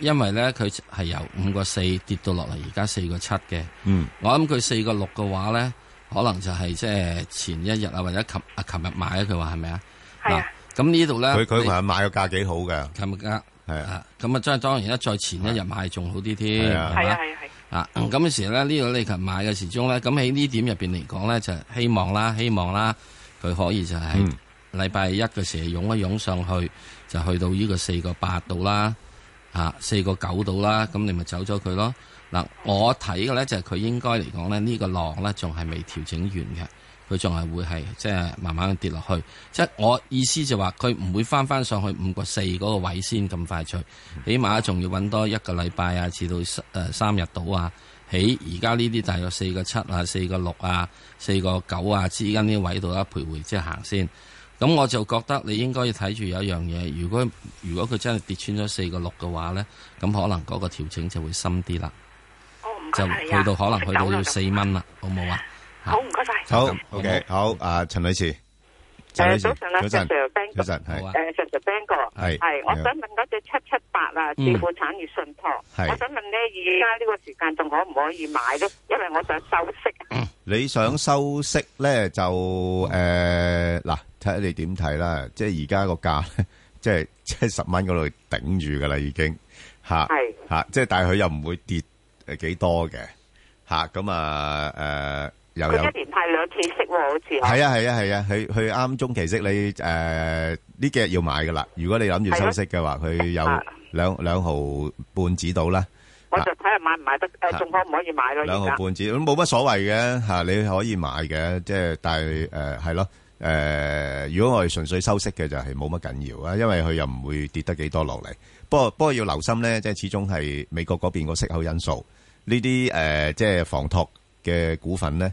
因為咧佢係由五個四跌到落嚟，而家四個七嘅。嗯，我諗佢四個六嘅話咧，可能就係即係前一日啊，或者琴啊琴日買啊，佢話係咪啊？係啊。咁呢度咧，佢佢琴日買嘅價幾好嘅。琴日價係啊，咁啊，即係當然啦，再前一日買仲好啲添，係啊，係啊，係啊。啊，咁嘅時候咧，呢個你琴日買嘅時鐘咧，咁喺呢點入邊嚟講咧，就希望啦，希望啦，佢可以就係。禮拜一嘅時候湧一湧上去，就去到呢個四個八度啦，吓四個九度啦，咁你咪走咗佢咯。嗱，我睇嘅呢，就係佢應該嚟講呢，呢個浪呢，仲係未調整完嘅，佢仲係會係即係慢慢跌落去。即係我意思就話佢唔會翻翻上去五個四嗰個位先咁快脆，起碼仲要揾多一個禮拜啊，至到三誒三日度啊，喺而家呢啲大約四個七啊，四個六啊，四個九啊之間啲位度咧徘徊，即係行先。咁我就覺得你應該要睇住有一樣嘢，如果如果佢真係跌穿咗四個六嘅話咧，咁可能嗰個調整就會深啲啦，哦謝謝啊、就去到可能去到要四蚊啦，好唔、嗯、好啊？謝謝，好唔該晒。好 OK 好啊、呃，陳女士。誒早晨啦，Sir Ben 哥，誒 Sir Ben 哥，我想問嗰隻七七八啊，支付、嗯、產業信託，的我想問咧，而家呢個時間仲可唔可以買咧？因為我想收息。你想收息咧，就誒嗱，睇、呃、下你點睇啦。即係而家個價，即係即係十蚊嗰度頂住噶啦，已經嚇嚇的。即係但係佢又唔會跌誒幾多嘅嚇。咁啊誒。啊啊啊啊啊啊佢一年派兩次息喎，好似係。係啊係啊係啊，佢佢啱中期息，你誒呢幾日要買噶啦。如果你諗住收息嘅話，佢有兩兩毫半紙到啦。我就睇下買唔買得，誒仲可唔可以買咯？兩毫半紙都冇乜所謂嘅嚇，你可以買嘅。即係但係誒係咯誒，如果我哋純粹收息嘅就係冇乜緊要啊，因為佢又唔會跌得幾多落嚟。不過不過要留心咧，即係始終係美國嗰邊個息口因素呢啲誒，即係房託嘅股份咧。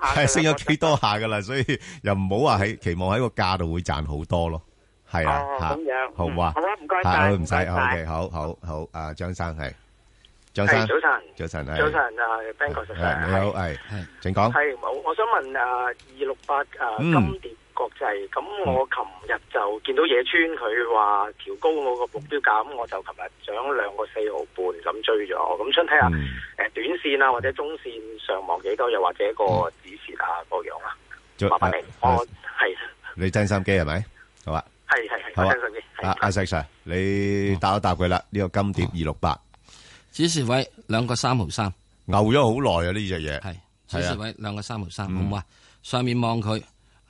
係升咗幾多下噶啦，所以又唔好話喺期望喺個價度會賺好多咯。係啊，咁樣好唔好啊？好啊，唔該晒，唔使，OK，好好好。阿張生係，張生早晨，早晨，早晨，阿 Ben 博士，你好，係，請講。係，好，我想問阿二六八，啊，金電。國際咁，我琴日就見到野村佢話調高我個目標價，咁我就琴日漲兩個四毫半咁追咗。咁想睇下誒短線啊或者中線上望幾多，又或者個指示啊個樣啊。麻煩你，我係你真心機係咪？好啊，係係係真心機。阿阿細細，你答一答佢啦。呢個金蝶二六八，指示位兩個三毫三，牛咗好耐啊呢隻嘢。係指示位兩個三毫三，好唔好啊？上面望佢。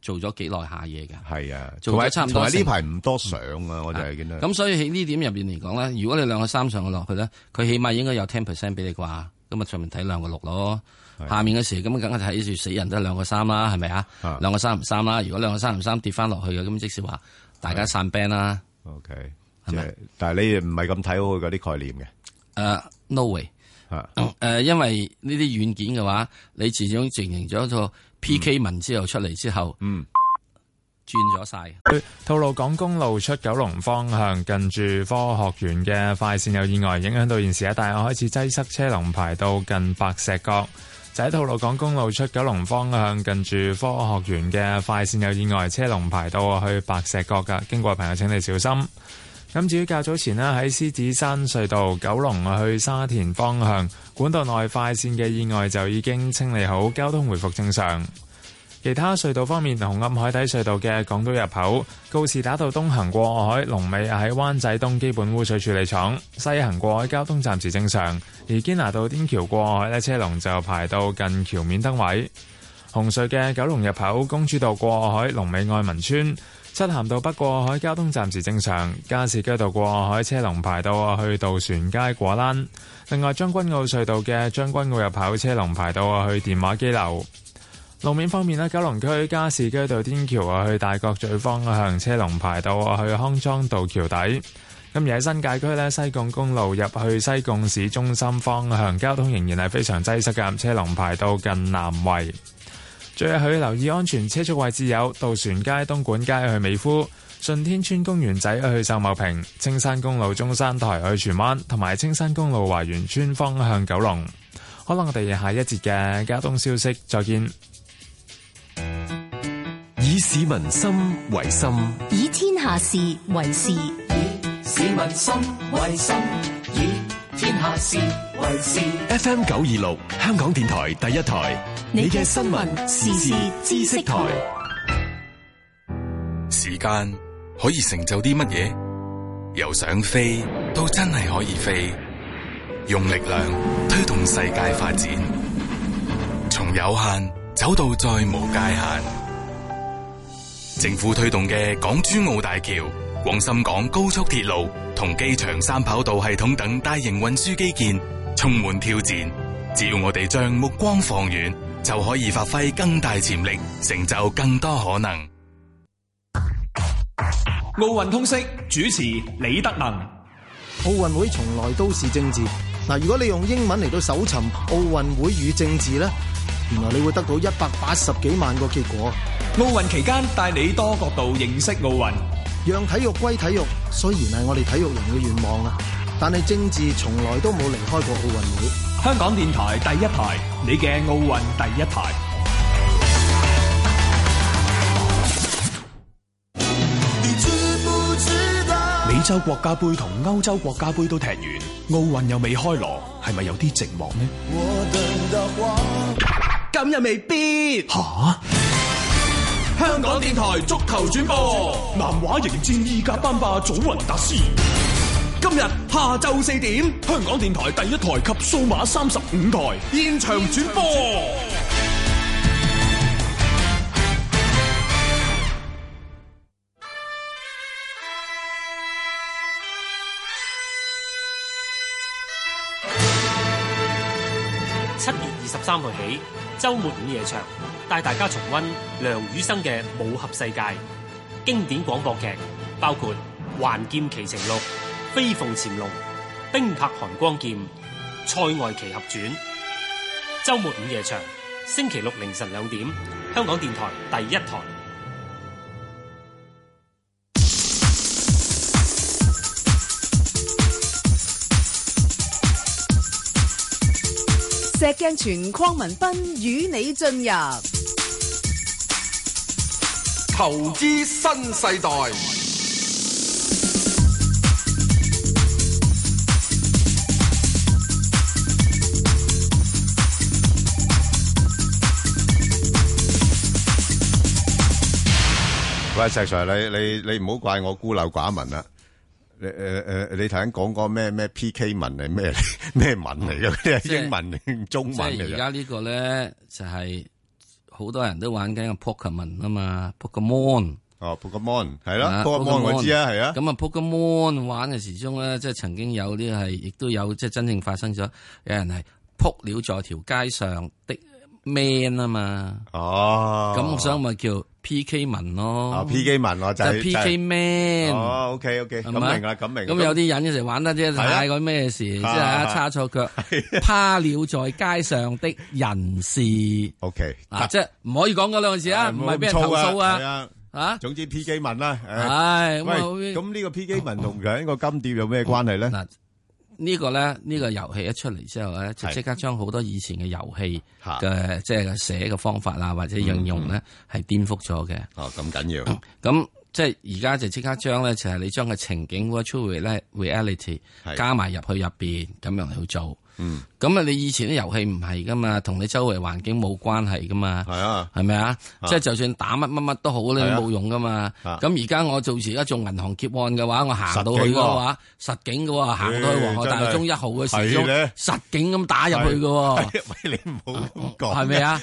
做咗幾耐下嘢㗎，係啊，做咗差唔多，同埋呢排唔多上啊，我就係見到。咁所以喺呢點入邊嚟講咧，如果你兩個三上落去咧，佢起碼應該有 ten percent 俾你啩。咁日上面睇兩個六咯，下面嘅時咁梗係睇住死人都兩個三啦，係咪啊？兩個三唔三啦，如果兩個三唔三跌翻落去嘅，咁即使話大家散 band 啦。OK，係咪？但係你唔係咁睇好佢嗰啲概念嘅。誒，no way。誒，因為呢啲軟件嘅話，你始終形成咗一個。P. K. 文之後出嚟之後，嗯，轉咗晒。吐露、欸、港公路出九龍方向近住科學園嘅快線有意外，影響到現時啊，大霧開始擠塞車龍排到近白石角。就喺吐露港公路出九龍方向近住科學園嘅快線有意外，車龍排到去白石角噶，經過嘅朋友請你小心。咁至於較早前咧喺獅子山隧道九龍去沙田方向管道內快線嘅意外就已經清理好，交通回復正常。其他隧道方面，紅磡海底隧道嘅港島入口、告士打道東行過海、龍尾喺灣仔東基本污水處理廠西行過海交通暫時正常，而堅拿道天橋過海呢車龍就排到近橋面燈位。紅隧嘅九龍入口、公主道過海、龍尾愛民村。漆咸道北過海交通暫時正常，加士居道過海車龍排到啊去渡船街果欄。另外將軍澳隧道嘅將軍澳入口車龍排到啊去電話機樓。路面方面咧，九龍區加士居道天橋啊去大角咀方向車龍排到啊去康莊道橋底。咁而喺新界區咧，西貢公路入去西貢市中心方向，交通仍然係非常擠塞㗎，車龍排到近南圍。最後要留意安全車速位置有：渡船街、東莞街去美孚、順天村公園仔去秀茂坪、青山公路中山台去荃灣，同埋青山公路華園村方向九龍。可能我哋下一節嘅《交通消息》，再見。以市民心為心，以天下事為事，以市民心為心。FM 九二六，香港電台第一台。你嘅新聞時事知識台。時間可以成就啲乜嘢？由想飛到真係可以飛，用力量推動世界發展，從有限走到再無界限。政府推動嘅港珠澳大橋。廣深港高速鐵路同機場三跑道系統等大型運輸基建充滿挑戰，只要我哋將目光放遠，就可以發揮更大潛力，成就更多可能。奧運通識主持李德能。奧運會從來都是政治。嗱，如果你用英文嚟到搜尋奧運會與政治咧，原來你會得到一百八十幾萬個結果。奧運期間帶你多角度認識奧運。讓體育歸體育，雖然係我哋體育人嘅願望啊，但係政治從來都冇離開過奧運會。香港電台第一台，你嘅奧運第一台。美洲國家杯同歐洲國家杯都踢完，奧運又未開鑼，係咪有啲寂寞呢？我等今日未必。吓？香港電台足球轉播，南華迎戰意甲班霸祖雲達斯。今日下晝四點，香港電台第一台及數碼三十五台現場轉播。轉播七月二十三號起。周末午夜場，帶大家重溫梁羽生嘅武俠世界，經典廣播劇包括《還劍奇情錄》、《飛鳳潛龍》、《冰魄寒光劍》、《塞外奇俠傳》。周末午夜場，星期六凌晨兩點，香港電台第一台。石鏡泉鄺民彬與你進入投資新世代。喂，石 Sir，你你你唔好怪我孤陋寡聞啦。誒誒誒，你頭先講過咩咩 PK 文係咩咩文嚟嘅？英文、中文嚟嘅。即係而家呢個咧，就係好多人都玩緊個 Pokemon 啊嘛，Pokemon 哦，Pokemon 係咯，Pokemon 我知啊，係啊。咁啊，Pokemon 玩嘅時中咧，即係曾經有啲係，亦都有即係真正發生咗，有人係扑尿在條街上的 man 啊嘛。哦，咁我想咪叫。P.K. 文咯，P.K. 文就 P.K. man，哦，OK OK，咁明啦，咁明。咁有啲人一日玩得啫，係個咩事？即係差錯腳，趴了在街上的人士。OK，啊，即係唔可以講嗰兩個字啊，唔係俾人投訴啊，啊。總之 P.K. 文啦，係咁喂，咁呢個 P.K. 文同佢呢個金碟有咩關係咧？呢個咧，呢個遊戲一出嚟之後咧，就即刻將好多以前嘅遊戲嘅即係寫嘅方法啊，或者應用咧，係顛覆咗嘅。嗯嗯。哦，咁緊要。咁即係而家就即刻將咧，就係、是、你將個情景 Virtual Reality 加埋入去入邊，咁樣去做。嗯。咁啊！你以前啲遊戲唔係噶嘛，同你周圍環境冇關係噶嘛，係啊，係咪啊？即係就算打乜乜乜都好，你冇用噶嘛。咁而家我做而家做銀行劫案嘅話，我行到去嘅話，實景嘅喎，行到去黃河大道中一號嘅時候，實景咁打入去嘅喎。你唔好咁講，係咪啊？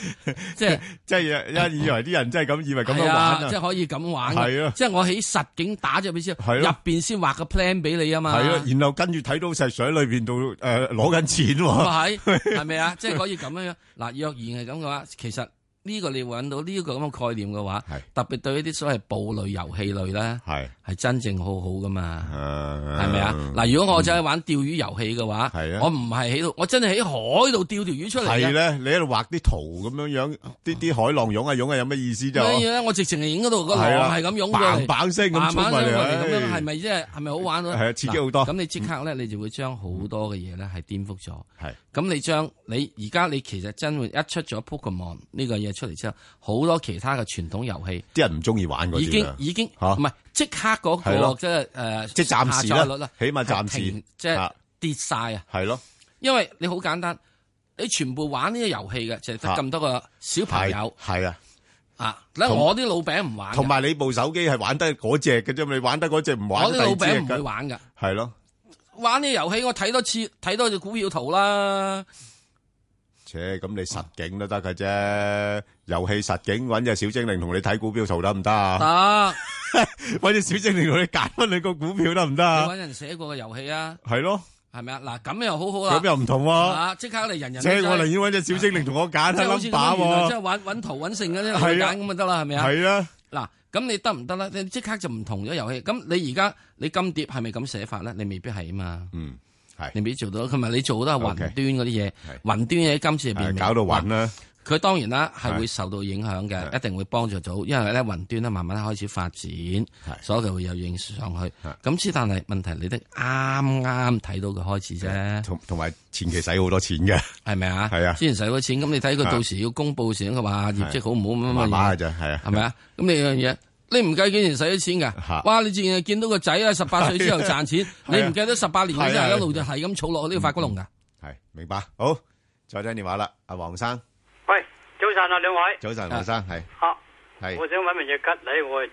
即係即係一以為啲人真係咁，以為咁樣即係可以咁玩。即係我喺實景打咗俾先，入邊先畫個 plan 俾你啊嘛。係咯，然後跟住睇到曬水裏邊度誒攞緊錢喎。係，係咪啊？即係可以咁樣樣。嗱，若然係咁嘅話，其實呢個你揾到呢個咁嘅概念嘅話，是特別對一啲所謂暴類遊戲類咧。是係真正好好噶嘛？係咪、uh, 啊？嗱，如果我就係玩釣魚遊戲嘅話，啊、我唔係喺度，我真係喺海度釣條魚出嚟。係咧、啊，你喺度畫啲圖咁樣樣，啲啲海浪湧下、啊、湧下、啊，啊、有乜意思啫、啊啊？我直情係影嗰度個浪係咁湧，嘭嘭、啊、聲咁衝埋嚟係咪即係？係咪、哎、好玩咧？係、啊、刺激好多。咁你即刻咧，你就會將好多嘅嘢咧，係顛覆咗。係咁是，你將你而家你其實真會一出咗 Pokemon 呢個嘢出嚟之後，好多其他嘅傳統遊戲，啲人唔中意玩已。已經已經唔係即刻。嗰個即係誒，即係暫時啦，起碼暫時即係跌晒啊！係咯，因為你好簡單，你全部玩呢啲遊戲嘅，就得咁多個小朋友係啊，啊，咁我啲老餅唔玩，同埋你部手機係玩得嗰隻嘅啫，你玩得嗰隻唔玩，我啲老餅唔會玩噶，係咯，玩呢遊戲我睇多次，睇多隻股票圖啦。咁你實景都得嘅啫，遊戲實景搵隻小精靈同你睇股票嘈得唔得啊？得，搵隻小精靈同你揀翻你個股票得唔得啊？你搵人寫過嘅遊戲啊？係咯，係咪啊？嗱，咁又好好啦，咁又唔同啊？即刻你人人，即係我寧願搵隻小精靈同我揀，即係咁打喎，即係玩玩圖玩勝嗰啲嚟揀咁啊得啦，係咪啊？係啦，嗱，咁你得唔得啦？你即刻就唔同咗遊戲，咁你而家你金碟係咪咁寫法咧？你未必係啊嘛。嗯。你未必做到，同埋你做都係雲端嗰啲嘢，雲端嘢今次入邊搞到雲啦。佢當然啦，係會受到影響嘅，一定會幫助到，因為咧雲端咧慢慢開始發展，所以就會有影響上去。咁但係問題，你都啱啱睇到佢開始啫，同同埋前期使好多錢嘅，係咪啊？係啊，之前使咗多錢，咁你睇佢到時要公布時，佢話業績好唔好咁啊？係啊，係咪啊？咁呢樣嘢。你唔計幾年使咗錢噶？哇！你自然見到個仔啊，十八歲之後賺錢，你唔計得十八年之後一路就係咁儲落呢個發骨龍噶。係明白，好再聽電話啦，阿黃生。喂，早晨啊，兩位。早晨，黃生係。好，係。我想搵名嘢吉你，我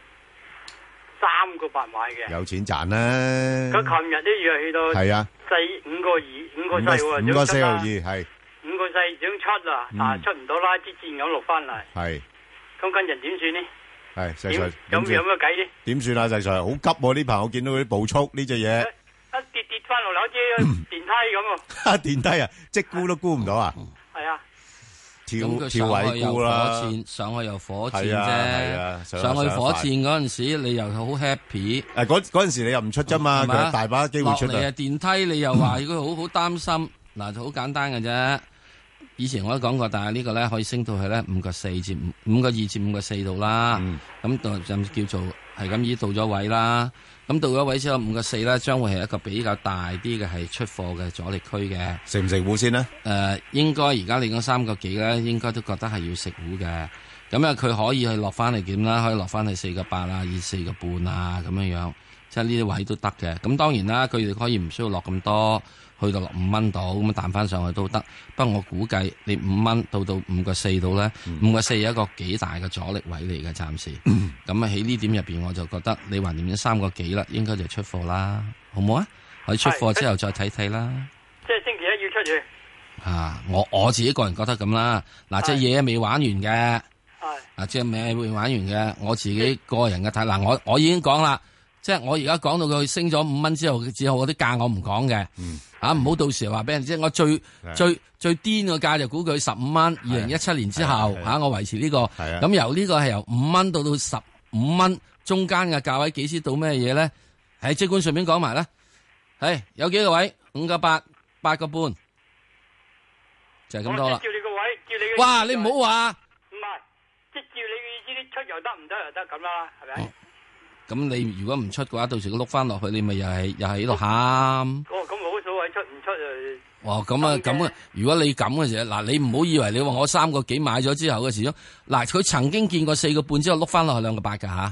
三個八買嘅。有錢賺啦。佢琴日都要去到。係啊。四五個二，五個四啊，想出啊。唔該，四個二係。五個四想出啦，但係出唔到，拉支箭牛落翻嚟。係。咁今日點算呢？係石 Sir，有冇有冇計咧？點算啊，石 Sir，好急哦！呢排我見到啲暴衝呢隻嘢，一跌跌翻落樓好似電梯咁哦。電梯啊，即估都估唔到啊！係啊，跳跳位估啦，上去又火箭，上去又火箭啫。係啊，上去火箭嗰陣時，你又好 happy。誒，嗰嗰陣時你又唔出啫嘛？大把機會出嚟啊！電梯你又話如果好好擔心，嗱就好簡單㗎啫。以前我都講過，但係呢個咧可以升到去咧五個四至五五個二至五個四度啦。咁就、嗯、就叫做係咁、就是、已經到咗位啦。咁到咗位之後五個四咧，將會係一個比較大啲嘅係出貨嘅阻力區嘅。食唔食糊先呢？誒、呃，應該而家你講三個幾咧，應該都覺得係要食糊嘅。咁啊，佢可以去落翻嚟點啦？可以落翻去四個八啊，二四個半啊，咁樣樣，即係呢啲位都得嘅。咁當然啦，佢哋可以唔需要落咁多。去到落五蚊到咁啊，彈翻上去都得。不過我估計你五蚊到到五個四到咧，五個四係一個幾大嘅阻力位嚟嘅，暫時。咁喺呢點入邊，我就覺得你還掂三個幾啦，應該就出貨啦，好冇啊？喺出貨之後再睇睇啦。即係、就是、星期一要出嘢。啊，我我自己個人覺得咁啦。嗱，隻嘢未玩完嘅。係。啊，即係未玩完嘅是、啊就是。我自己個人嘅睇，嗱、啊，我我已經講啦。即係我而家講到佢升咗五蚊之後，只係我啲價我唔講嘅，啊唔好到時話俾人知。我最最最癲個價就估佢十五蚊。二零一七年之後，啊我維持呢個，咁由呢個係由五蚊到到十五蚊中間嘅價位，幾時到咩嘢咧？喺即管上面講埋啦。係有幾個位？五個八，八個半，就係咁多啦。我哋叫你個位，叫你個位。哇！你唔好話！唔係即係叫你嘅意思，出又得，唔出又得咁啦，係咪？咁你如果唔出嘅話，嗯、到時佢碌翻落去，你咪、就是、又係是又係喺度喊。哦，咁好所謂，出唔出誒？哦，咁啊，咁啊，如果你咁嘅時候，嗱，你唔好以為你話我三個幾買咗之後嘅時候，嗱，佢曾經見過四個半之後碌翻落去兩個八嘅吓，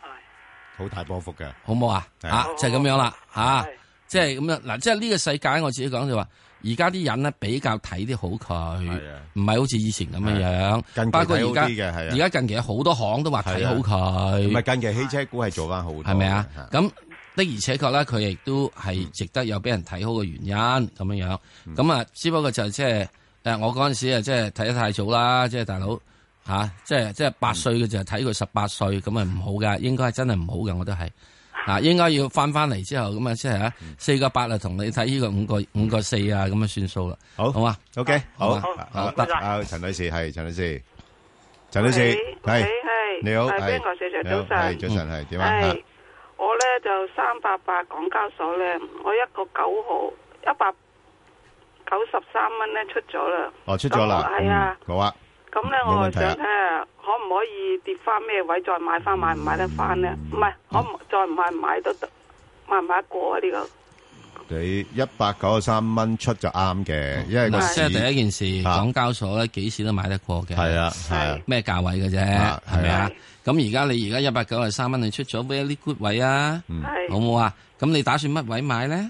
係好大波幅嘅，好冇啊？吓，就係、是、咁樣，的、啊就是、樣啦，吓，即係咁樣，嗱，即係呢個世界，我自己講就話。而家啲人咧比較睇啲好佢，唔係好似以前咁樣樣。啊近啊、包括而家，而家、啊、近期有好多行都話睇好佢。唔係、啊、近期汽車股係做翻好多，係咪啊？咁、啊啊、的而且確咧，佢亦都係值得有俾人睇好嘅原因咁樣、嗯、樣。咁啊、嗯，只不過就即係誒，我嗰陣時、就是、啊，即係睇得太早啦。即係大佬嚇，即係即係八歲嘅就睇佢十八歲，咁啊唔好嘅，應該係真係唔好嘅，我覺得係。啊，應該要翻翻嚟之後，咁啊，先係啊，四個八啊，同你睇呢個五個五個四啊，咁啊算數啦，好，好嘛，O K，好，好，得啊，陳女士係陳女士，陳女士係係你好，係邊個？謝謝，多謝，早晨係點樣？我咧就三八八港交所咧，我一個九號一百九十三蚊咧出咗啦，哦，出咗啦，係啊，好啊。咁咧，我係想睇下可唔可以跌翻咩位再買翻，買唔買得翻咧？唔係，可唔再唔買唔買都得，買唔買得過啊？呢個你一百九十三蚊出就啱嘅，因為個市即係第一件事，港交所咧幾時都買得過嘅。係啊，係啊，咩價位嘅啫？係咪啊？咁而家你而家一百九十三蚊，你出咗 very good 位啊？係好唔好啊？咁你打算乜位買咧？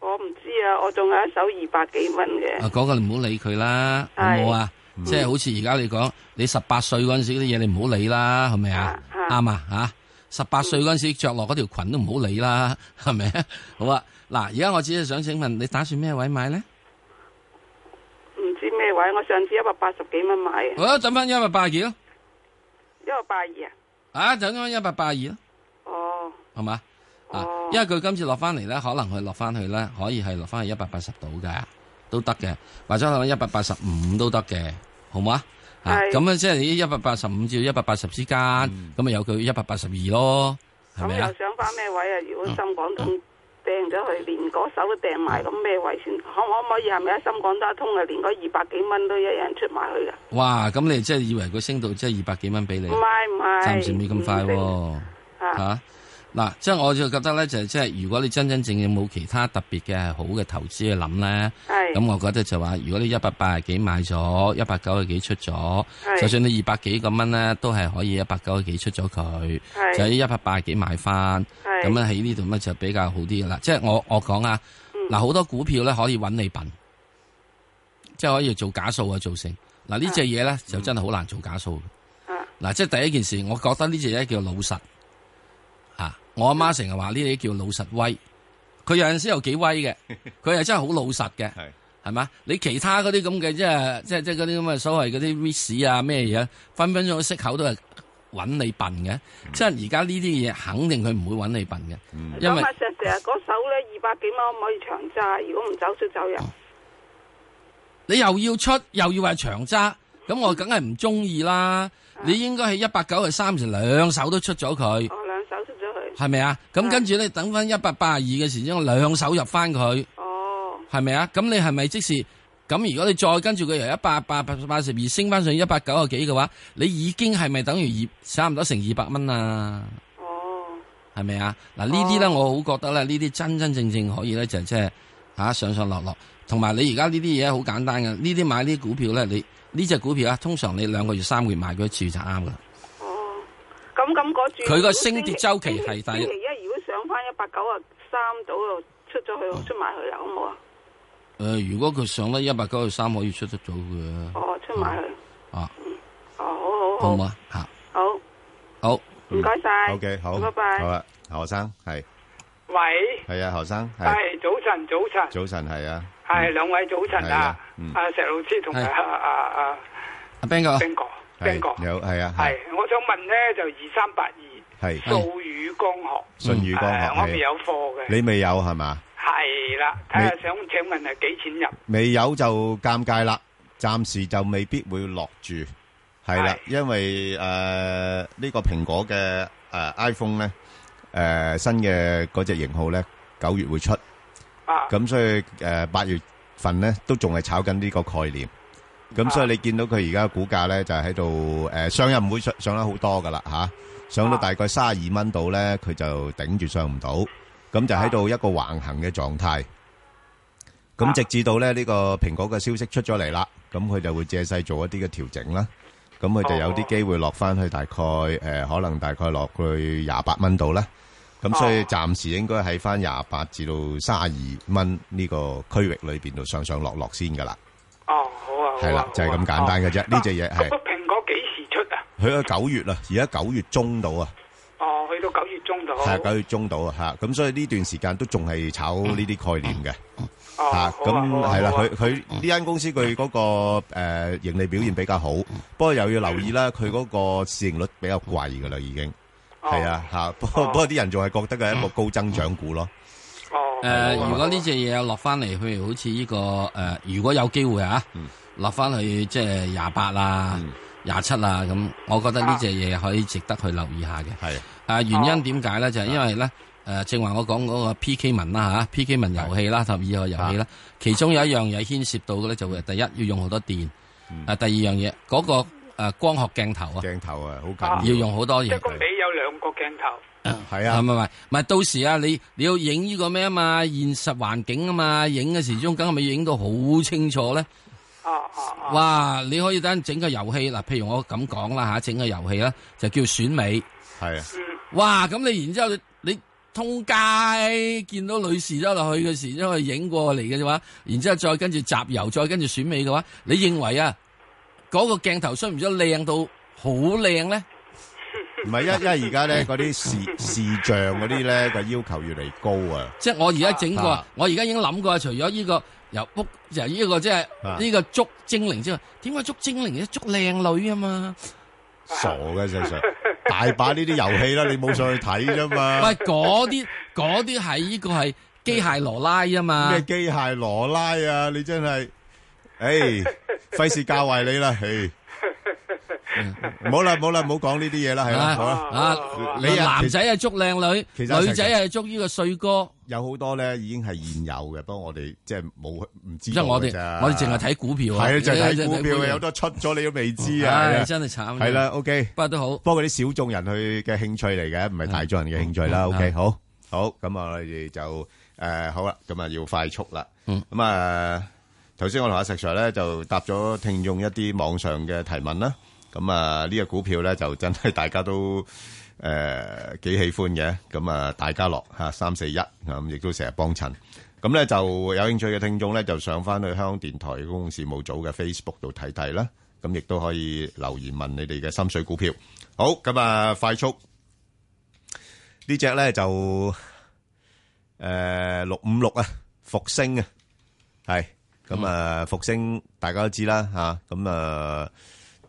我唔知啊，我仲有一手二百幾蚊嘅。啊，嗰個你唔好理佢啦，好唔好啊？嗯、即係好似而家你講，你十八歲嗰陣時啲嘢，你唔好理啦，係咪啊？啱啊，吓！十八歲嗰陣時着落嗰條裙都唔好理啦，係咪啊？好啊！嗱，而家我只係想請問你打算咩位買咧？唔知咩位？我上次一百八十幾蚊買嘅。好，整翻一百八二咯。一百八二啊？2? 啊，整翻一百八二咯。哦、oh, 吧。係嘛？哦。因為佢今次落翻嚟咧，可能佢落翻去咧，可以係落翻去一百八十度嘅。都得嘅，或者可能一百八十五都得嘅，好嘛？係咁是啊，即係一百八十五至一百八十之間，咁咪、嗯、有佢一百八十二咯。咁又想翻咩位啊？如果深港通掟咗佢，連嗰手都掟埋，咁咩位先可唔可以？係咪喺深港通通啊，連嗰二百幾蚊都一樣出埋去啊！哇！咁你即係以為佢升到即係二百幾蚊俾你？唔係唔係，暫時未咁快喎。嗱，即係我就覺得咧，就係即係如果你真真正正冇其他特別嘅好嘅投資去諗咧，咁是，我覺得就話如果你一百八十幾買咗一百九十幾出咗，是就算你二百幾個蚊咧，都係可以一百九十幾出咗佢，是就喺一百八十幾買翻，咁咧喺呢度咪就比較好啲，嗯、啦。即係我我講啊，嗱，好多股票咧可以揾你笨，即係可以做假數造、這個、啊，做成嗱呢隻嘢咧就真係好難做假數。嗱、啊，即係第一件事，我覺得呢隻嘢叫老實。我阿媽成日話呢啲叫老實威，佢有陣時又幾威嘅。佢係真係好老實嘅，係係嘛？你其他嗰啲咁嘅即係即係即係嗰啲咁嘅所謂嗰啲 risk 啊咩嘢，分分鐘息口都係揾你笨嘅，即係而家呢啲嘢肯定佢唔會揾你笨嘅。嗯、因為成日嗰手咧二百幾蚊可唔可以長揸？如果唔走出走入，你又要出又要係長揸，咁我梗係唔中意啦。嗯、你應該係一百九十三成兩手都出咗佢。嗯係咪啊？咁、嗯、跟住咧，等翻一百八十二嘅時鐘，兩手入翻佢。哦，係咪啊？咁你係咪即時？咁如果你再跟住佢由一百八八八十二升翻上一百九十幾嘅話，你已經係咪等於二差唔多成二百蚊啊？哦，係咪啊？嗱呢啲咧，我好覺得咧，呢啲真真正正可以咧，就係即係吓上上落落，同埋你而家呢啲嘢好簡單嘅。呢啲買呢啲股票咧，你呢隻股票啊，通常你兩個月、三個月買佢一次就啱噶啦。佢個升跌周期係但係，而家如果上翻一百九啊三度，出咗去，出埋去啦，好唔好啊？誒，如果佢上到一百九啊三，可以出得早嘅。哦，出埋去。啊，哦，好好好，好唔好啊？吓，好，好，唔該晒。O K，好，拜拜。好啊，何生係。喂。係啊，何生係。早晨，早晨。早晨係啊。係兩位早晨啊，阿石老師同埋阿阿阿 Ben 哥。Ben 哥。邊個有係啊？係，我想問咧，就二三八二，舜宇光學，舜宇光學，我未有貨嘅。你未有係嘛？係啦，睇下想請問係幾錢入？未有就尷尬啦，暫時就未必會落住，係啦，因為誒呢個蘋果嘅誒 iPhone 咧，誒新嘅嗰隻型號咧，九月會出，咁所以誒八月份咧都仲係炒緊呢個概念。咁所以你見到佢而家股價咧，就喺度誒上一會上上咗好多噶啦嚇，上到大概三十二蚊度咧，佢就頂住上唔到，咁就喺度一個橫行嘅狀態。咁直至到咧呢、呢個蘋果嘅消息出咗嚟啦，咁佢就會借勢做一啲嘅調整啦。咁佢就有啲機會落翻去大概誒、呃，可能大概落去廿八蚊度啦。咁所以暫時應該喺翻廿八至到三十二蚊呢個區域裏邊度上上落落先噶啦。哦。係啦，就係咁簡單嘅啫，呢隻嘢係。蘋果幾時出啊？佢係九月啦，而家九月中度啊。哦，去到九月中度。係九月中度啊，吓，咁所以呢段時間都仲係炒呢啲概念嘅。哦。吓，咁係啦，佢佢呢間公司佢嗰個誒盈利表現比較好，不過又要留意啦，佢嗰個市盈率比較貴噶啦，已經。哦。係啊，吓，不過不過啲人仲係覺得佢係一個高增長股咯。哦。誒，如果呢隻嘢落翻嚟，譬如好似呢個誒，如果有機會啊。嗯。落翻去即係廿八啦、廿七啦咁，我覺得呢隻嘢可以值得去留意下嘅。係啊，原因點解咧？就係因為咧，誒，正話我講嗰個 P.K. 文啦吓，P.K. 文遊戲啦同二號遊戲啦，其中有一樣嘢牽涉到嘅咧，就會第一要用好多電，啊，第二樣嘢嗰個誒光學鏡頭啊，鏡頭啊好緊要，要用好多嘢。一個尾有兩個鏡頭，係啊，唔係咪係唔係，到時啊，你你要影呢個咩啊嘛？現實環境啊嘛，影嘅時中梗係咪影到好清楚咧？哦哦哦！哇，你可以等陣整個遊戲嗱，譬如我咁講啦吓，整個遊戲咧就叫選美，係啊，哇！咁你然之後你通街見到女士走落去嘅時，因為影過嚟嘅啫嘛，然之後再跟住集郵，再跟住選美嘅話，你認為啊，嗰個鏡頭需唔需要靚到好靚咧？唔係，一因為而家咧嗰啲視視像嗰啲咧個要求越嚟越高啊！即係我而家整過，我而家已經諗過，除咗呢個。入屋就依個即係呢個捉精靈即係，點解捉精靈咧？捉靚女啊嘛，傻嘅石 Sir，大把呢啲遊戲啦，你冇上去睇啫嘛。唔係嗰啲嗰啲係依個係機械羅拉啊嘛。咩機械羅拉啊？你真係，哎，費事教壞你啦，嘿。唔好啦，好啦，唔好講呢啲嘢啦，係啦，好啦，啊，你男仔係捉靚女，女仔係捉呢個帥哥，有好多咧已經係現有嘅，不過我哋即係冇唔知，即係我哋我哋淨係睇股票啊，係啊，淨係睇股票，有得出咗你都未知啊，真係慘，係啦，OK，不過都好，不過啲小眾人去嘅興趣嚟嘅，唔係大眾人嘅興趣啦，OK，好，好，咁啊，我哋就誒好啦，咁啊要快速啦，嗯，咁啊，頭先我同阿石 Sir 咧就答咗聽眾一啲網上嘅提問啦。咁啊，呢個股票咧就真係大家都誒幾喜歡嘅。咁啊，大家樂吓，三四一啊，咁亦都成日幫襯。咁咧就有興趣嘅聽眾咧，就上翻去香港電台公共事務組嘅 Facebook 度睇睇啦。咁亦都可以留言問你哋嘅心水股票。好，咁啊，快速呢隻咧就誒六五六啊，復星啊，係咁啊，復星大家都知啦吓，咁啊。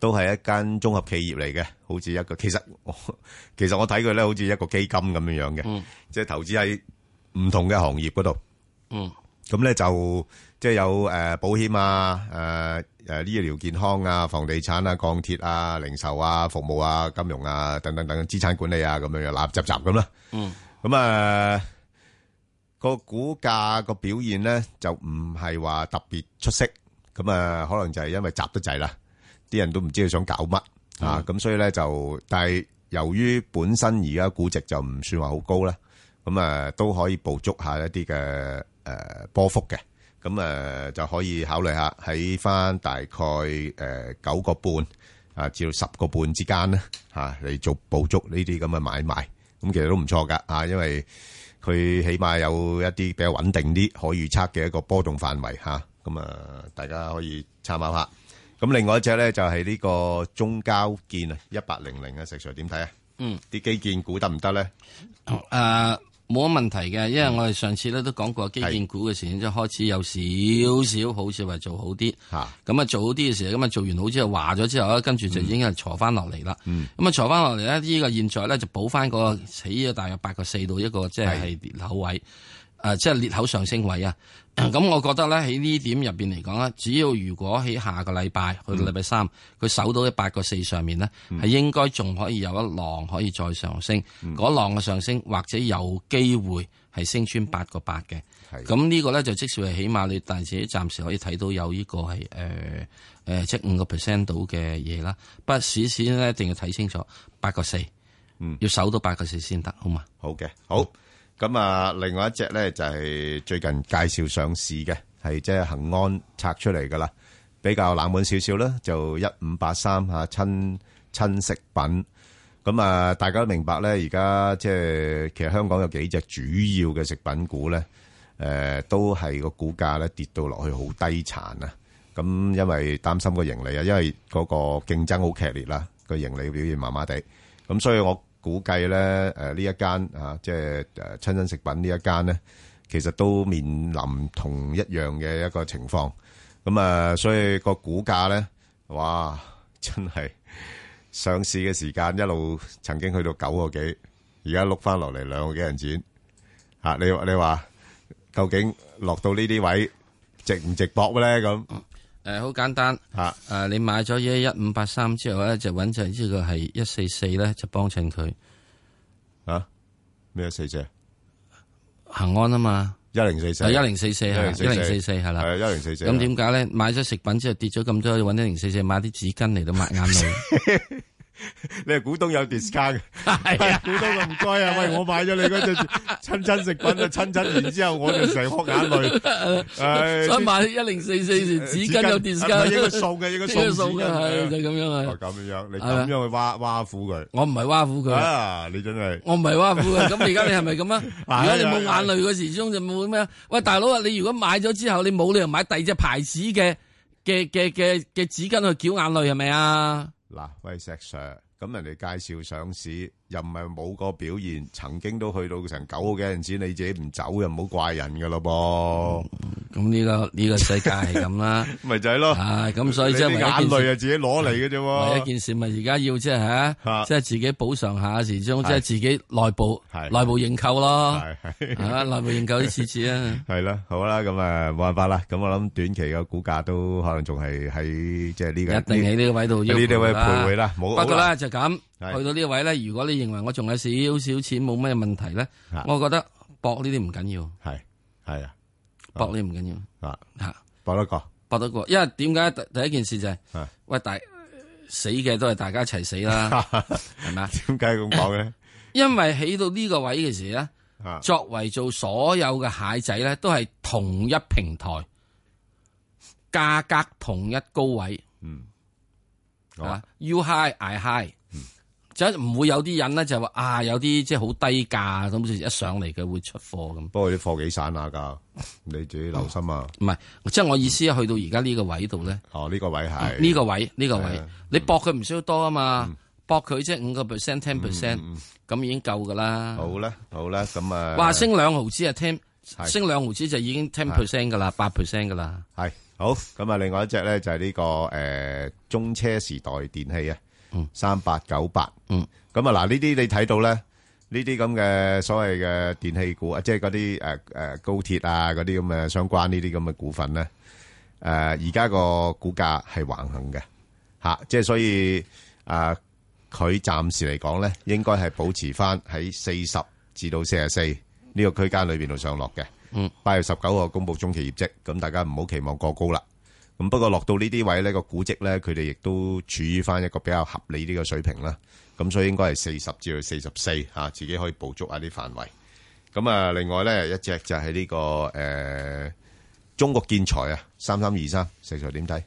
都係一間綜合企業嚟嘅，好似一個其實其實我睇佢咧，好似一個基金咁樣樣嘅，即係投資喺唔同嘅行業嗰度。嗯，咁咧就即係有誒保險啊、誒誒醫療健康啊、房地產啊、鋼鐵啊、零售啊、服務啊、金融啊等等等，資產管理啊咁樣樣立立雜雜咁啦。嗯，咁啊個股價個表現咧就唔係話特別出色，咁啊可能就係因為雜得滯啦。啲人都唔知佢想搞乜、嗯、啊！咁所以咧就，但係由於本身而家估值就唔算話好高啦，咁啊都可以捕捉一下一啲嘅誒波幅嘅，咁啊就可以考慮下喺翻大概誒九個半啊至到十個半之間咧嚇嚟做捕捉呢啲咁嘅買賣，咁、啊、其實都唔錯噶啊！因為佢起碼有一啲比較穩定啲、可預測嘅一個波動範圍嚇，咁啊，啊大家可以參考下。咁另外一隻咧就係呢個中交建啊，一八零零嘅石 Sir, s i 點睇啊？嗯，啲基建股得唔得咧？誒、呃，冇問題嘅，因為我哋上次咧都講過基建股嘅前景，即係開始有少少好，似話做好啲。吓咁啊，做好啲嘅時候，咁啊做完好之後，話咗之後咧，跟住就已經係挫翻落嚟啦。咁啊、嗯，挫翻落嚟呢，呢、這個現在咧就補翻、那個、嗯、起咗大約八個四度一個，即、就、係、是、裂口位，誒的，即係、啊就是、裂口上升位啊。咁，嗯、我覺得咧喺呢點入邊嚟講咧，只要如果喺下個禮拜去到禮拜三，佢守、嗯、到一八個四上面咧，係、嗯、應該仲可以有一浪可以再上升。嗰、嗯、浪嘅上升或者有機會係升穿八、嗯、個八嘅。咁呢個咧就即使係起碼你但係自己暫時可以睇到有呢個係誒誒即五個 percent 到嘅嘢啦。不過，首先呢，一定要睇清楚八個四，4, 嗯、要守到八個四先得，好嘛？好嘅，好。咁啊，另外一隻咧就係最近介紹上市嘅，係即係恒安拆出嚟㗎喇比較冷門少少啦，就一五八三吓親親食品。咁啊，大家都明白咧，而家即係其實香港有幾隻主要嘅食品股咧，誒、呃，都係個股價咧跌到落去好低殘啊。咁因為擔心個盈利啊，因為嗰個競爭好劇烈啦，個盈利，個盈利表現麻麻地。咁、啊、所以我。估計咧，誒、呃、呢一間啊，即係誒、啊、親身食品呢一間咧，其實都面臨同一樣嘅一個情況。咁啊，所以個股價咧，哇，真係上市嘅時間一路曾經去到九個幾，而家碌翻落嚟兩個幾人錢嚇、啊。你你話究竟落到呢啲位值唔值博咧？咁。誒，好、呃、簡單吓，誒、啊呃，你買咗一一五八三之後咧，就搵住呢個係一四四咧，就幫襯佢啊？咩四隻？恒安啊嘛，一零四四，一零四四，一零四四係啦，一零四四。咁點解咧？買咗食品之後跌咗咁多，搵一零四四，買啲紙巾嚟到抹眼淚。 你係股東有 discount 嘅，股東唔該啊！喂，我買咗你嗰隻親親食品啊，親親完之後我就成副眼淚，所以買一零四四時紙巾有 discount，應該送嘅，應該送嘅，係就咁樣啊！咁樣，你咁樣去挖挖苦佢，我唔係挖苦佢啊！你真係，我唔係挖苦佢，咁而家你係咪咁啊？如果你冇眼淚嘅時鐘就冇咩？喂，大佬啊，你如果買咗之後你冇，你又買第二隻牌子嘅嘅嘅嘅嘅紙巾去絞眼淚係咪啊？嗱，喂石 Sir，咁人哋介紹上市。又唔係冇個表現，曾經都去到成九嘅陣時，你自己唔走又唔好怪人噶咯噃。咁呢個呢個世界係咁啦，咪就係咯。啊，咁所以即係眼淚，啊，自己攞嚟嘅啫。一件事咪而家要即係吓，即係自己補償下，始終即係自己內部，內部認購咯。係係啊，內部認購啲次次啊。係啦，好啦，咁啊冇辦法啦。咁我諗短期嘅股價都可能仲係喺即係呢個，一定喺呢個位度。呢啲位徘徊啦，不過啦就係咁。去到呢位咧，如果你認為我仲有少少錢，冇咩問題咧，我覺得搏呢啲唔緊要。係係啊，搏你唔緊要啊吓，搏得過，搏得過，因為點解第一件事就係，喂大死嘅都係大家一齊死啦，係咪啊？點解咁講咧？因為起到呢個位嘅時咧，作為做所有嘅蟹仔咧，都係同一平台，價格同一高位，嗯，係嘛？You high，I high。就唔會有啲人咧，就話啊，有啲即係好低價，咁就一上嚟嘅會出貨咁。不過啲貨幾散下、啊、噶，你自己留心啊。唔係、 啊，即係我意思去到而家呢個位度咧、嗯。哦，呢、這個位係呢、嗯這個位，呢、嗯、個位，你駁佢唔需要多啊嘛，駁佢、嗯、即係五個 percent ten percent，咁已經夠噶啦。好啦，好啦，咁、嗯、啊，哇，升兩毫子啊是，聽升兩毫子就已經 ten percent 噶啦，八 percent 噶啦。係好，咁啊，另外一隻咧就係呢個誒中車時代電器啊。嗯，三八九八，嗯，咁啊嗱，呢啲你睇到咧，呢啲咁嘅所謂嘅電器股啊，即係嗰啲誒誒高鐵啊，嗰啲咁嘅相關呢啲咁嘅股份咧，誒而家個股價係橫行嘅，吓，即係所以誒佢暫時嚟講咧，應該係保持翻喺四十至到四十四呢個區間裏邊度上落嘅，嗯，八月十九號公布中期業績，咁大家唔好期望過高啦。咁不過落到呢啲位，呢個估值呢，佢哋亦都處於翻一個比較合理呢個水平啦。咁所以應該係四十至到四十四吓，自己可以捕捉下啲範圍。咁啊，另外呢，一隻就係呢、這個誒、呃、中國建材啊，三三二三，四十點睇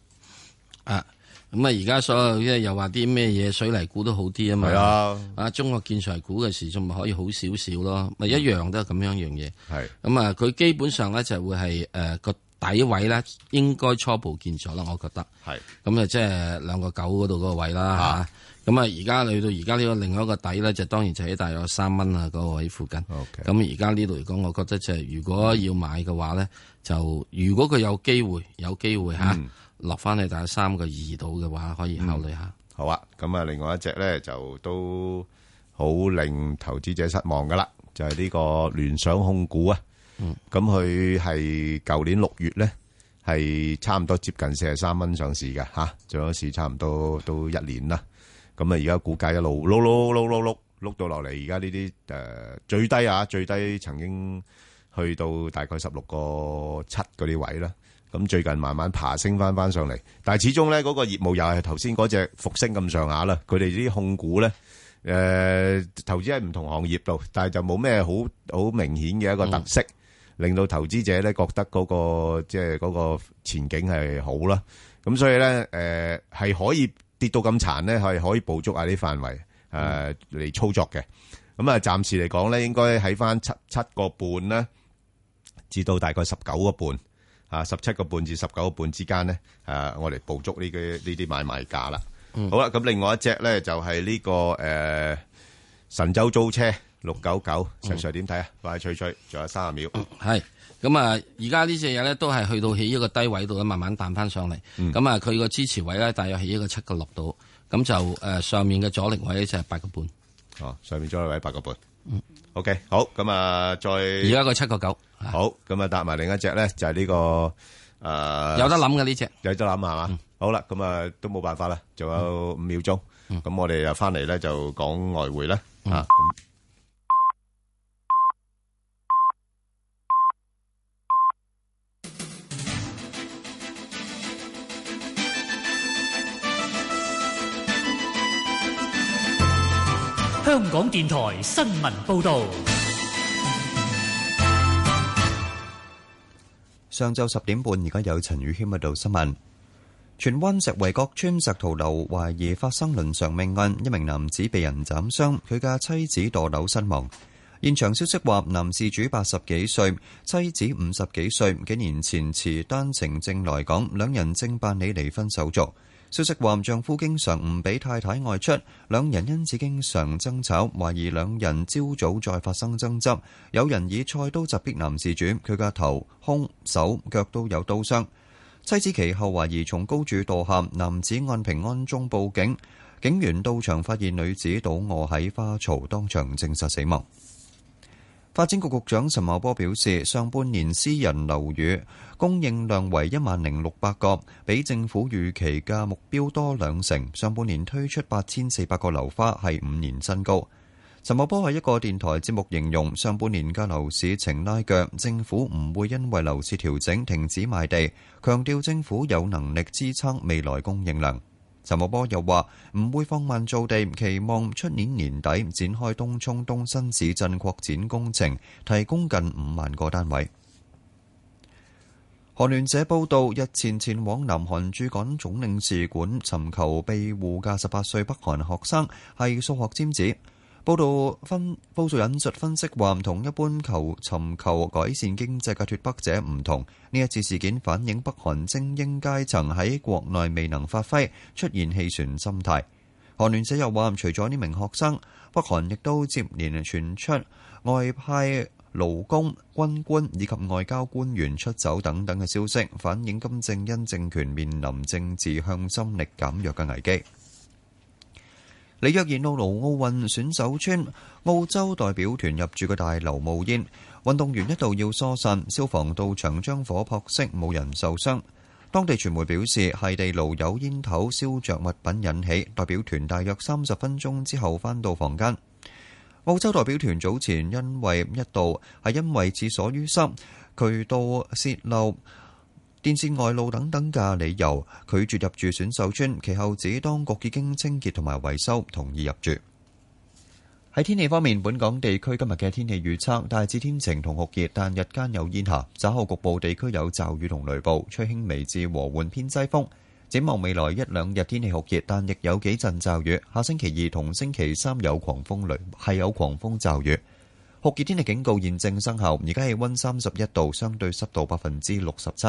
啊？咁啊，而家所有即係又話啲咩嘢水泥股都好啲啊？嘛係啦，啊中國建材股嘅時仲咪可以好少少咯，咪、嗯、一樣都係咁樣樣嘢係。咁啊是，佢、嗯、基本上呢就會係誒個。呃底位咧，應該初步見咗啦，我覺得。係是。咁啊，即係兩個九嗰度嗰個位啦嚇。咁啊，而家去到而家呢個另外一個底咧，就當然就喺大約三蚊啊嗰個位附近。OK。咁而家呢度嚟講，我覺得就係如果要買嘅話咧，就如果佢有機會，有機會嚇落翻去大約三個二度嘅話，可以考慮下、嗯。好啊，咁啊，另外一隻咧就都好令投資者失望噶啦，就係、是、呢個聯想控股啊。嗯，咁佢係舊年六月咧，係差唔多接近四十三蚊上市嘅吓，做咗市差唔多都一年啦。咁啊，而家股價一路碌碌碌碌碌碌到落嚟，而家呢啲誒最低啊，最低曾經去到大概十六個七嗰啲位啦。咁最近慢慢爬升翻翻上嚟，但係始終咧嗰個業務又係頭先嗰隻復星咁上下啦。佢哋啲控股咧，誒，投資喺唔同行業度，但係就冇咩好好明顯嘅一個特色。令到投資者咧覺得嗰，那個即係嗰個前景係好啦，咁所以咧誒係可以跌到咁殘咧係可以捕捉下啲範圍誒嚟，呃、操作嘅。咁啊暫時嚟講咧，應該喺翻七七個半咧，至到大概十九個半啊，十七個半至十九個半之間咧誒，我，呃、哋捕捉呢個呢啲買賣價啦。嗯、好啦，咁另外一隻咧就係、是、呢、這個誒、呃、神州租車。六九九，石 Sir 點睇啊？快脆脆，仲有三十秒。係咁啊！而家呢隻嘢咧，都係去到起一個低位度慢慢彈翻上嚟。咁啊，佢個支持位咧，大約起一個七個六度。咁就誒，上面嘅阻力位就係八個半。哦，上面阻力位八個半。OK，好。咁啊，再而家個七個九。好，咁啊，搭埋另一隻咧，就係呢個誒，有得諗嘅呢隻，有得諗啊嘛。好啦，咁啊，都冇辦法啦，仲有五秒鐘。咁我哋又翻嚟咧就講外匯啦。啊。港電台新聞報道：上晝十點半，而家有陳宇謙喺度報道新聞。荃灣石圍角村石桃樓懷疑發生倫常命案，一名男子被人斬傷，佢嘅妻子墮樓身亡。現場消息話，男事主八十幾歲，妻子五十幾歲，幾年前持單程證來港，兩人正辦理離婚手續。消息話丈夫經常唔俾太太外出，兩人因此經常爭吵，懷疑兩人朝早再發生爭執。有人以菜刀襲擊男事主，佢嘅頭、胸、手、腳都有刀傷。妻子其後懷疑從高處墮下，男子按平安鐘報警，警員到場發現女子倒卧喺花槽，當場證實死亡。發展局局長陳茂波表示，上半年私人樓宇供應量為一萬零六百個，比政府預期嘅目標多兩成。上半年推出八千四百個樓花，係五年新高。陳茂波喺一個電台節目形容，上半年嘅樓市呈拉鋸，政府唔會因為樓市調整停止賣地，強調政府有能力支撐未來供應量。陳茂波又話：唔會放慢做地，期望出年年底展開東涌東新市鎮擴展工程，提供近五萬個單位。韓聯社報道，日前前往南韓駐港總領事館尋求庇護的十八歲北韓學生，係數學尖子。報道分報道引述分析話，唔同一般求尋求改善經濟嘅脫北者唔同，呢一次事件反映北韓精英階層喺國內未能發揮，出現氣餒心態。韓聯社又話，除咗呢名學生，北韓亦都接連傳出外派勞工、軍官以及外交官員出走等等嘅消息，反映金正恩政權面臨政治向心力減弱嘅危機。里約熱內盧奧運選手村澳洲代表團入住嘅大樓冒煙，運動員一度要疏散，消防到場將火撲熄，冇人受傷。當地傳媒表示係地爐有煙頭燒着物品引起。代表團大約三十分鐘之後返到房間。澳洲代表團早前因為一度係因為廁所淤濕渠道泄漏。電線外露等等嘅理由拒絕入住選手村，其後指當局已經清潔同埋維修，同意入住。喺天氣方面，本港地區今日嘅天氣預測大致天晴同酷熱，但日間有煙霞，稍後局部地區有驟雨同雷暴，吹輕微至和緩偏西風。展望未來一兩日天氣酷熱，但亦有幾陣驟雨。下星期二同星期三有狂風雷，係有狂風驟雨。酷熱天氣警告現正生效，而家氣溫三十一度，相對濕度百分之六十七。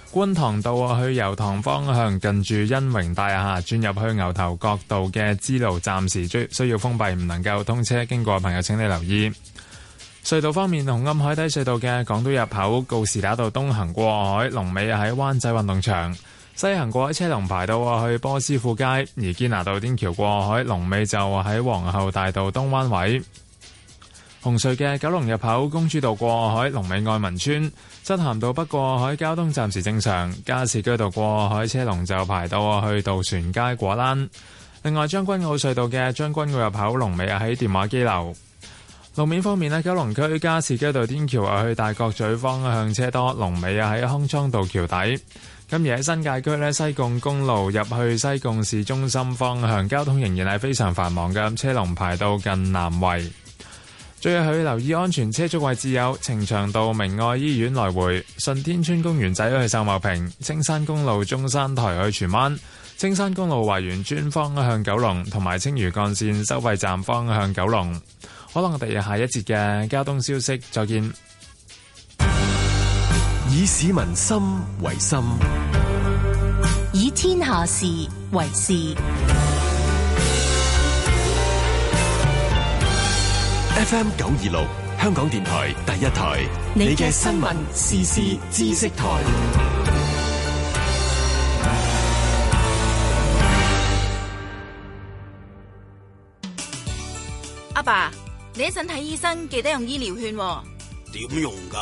觀塘道去油塘方向，近住恩榮大廈轉入去牛頭角道嘅支路，暫時需要封閉，唔能夠通車。經過朋友，請你留意。隧道方面，紅磡海底隧道嘅港島入口，告士打道東行過海，龍尾喺灣仔運動場；西行過海車龍排到去波斯富街，而堅拿道天橋過海，龍尾就喺皇后大道東灣位。紅隧嘅九龍入口，公主道過海，龍尾愛民村；漆咸道北過海交通暫時正常，加士居道過海車龍就排到去渡船街果欄。另外，將軍澳隧道嘅將軍澳入口龍尾啊喺電話機樓。路面方面咧，九龍區加士居道天橋啊去大角咀方向車多，龍尾啊喺康莊道橋底。今而喺新界區呢，西貢公路入去西貢市中心方向交通仍然係非常繁忙嘅，車龍排到近南圍。最要留意安全車速位置有：呈祥道明愛醫院來回、順天村公園仔去秀茂坪、青山公路中山台去荃灣、青山公路華園邨方向九龍、同埋青嶼幹線收費站方向九龍。可能我哋下一節嘅交通消息，再見。以市民心為心，以天下事為事。F M 九二六，26，香港電台第一台。你嘅新聞、時事、知識台。阿爸，你一陣睇醫生，記得用醫療券。點用噶？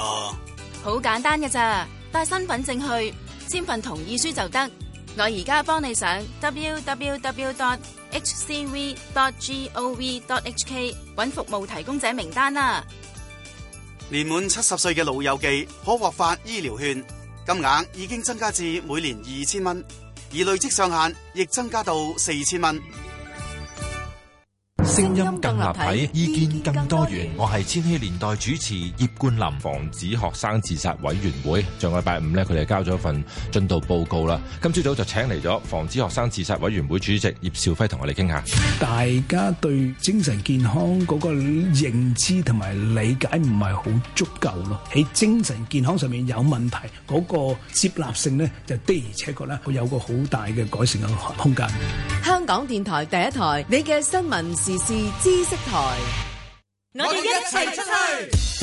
好簡單㗎咋，帶身份證去，簽份同意書就得。我而家幫你上 w w w. dot HCV.gov.hk 搵服務提供者名單啦，啊。年滿七十歲嘅老友記可獲發醫療券，金額已經增加至每年二千蚊，而累積上限亦增加到四千蚊。聲音更立體，意見更多元。我係千禧年代主持葉冠霖，防止學生自殺委員會上個禮拜五咧，佢哋交咗份進度報告啦。今朝早就請嚟咗防止學生自殺委員會主席葉兆輝同我哋傾下。大家對精神健康嗰個認知同埋理解唔係好足夠咯。喺精神健康上面有問題，嗰個接納性咧就的而且確咧，會有個好大嘅改善嘅空間。香港電台第一台，你嘅新聞時事知識台，我哋一齊出去。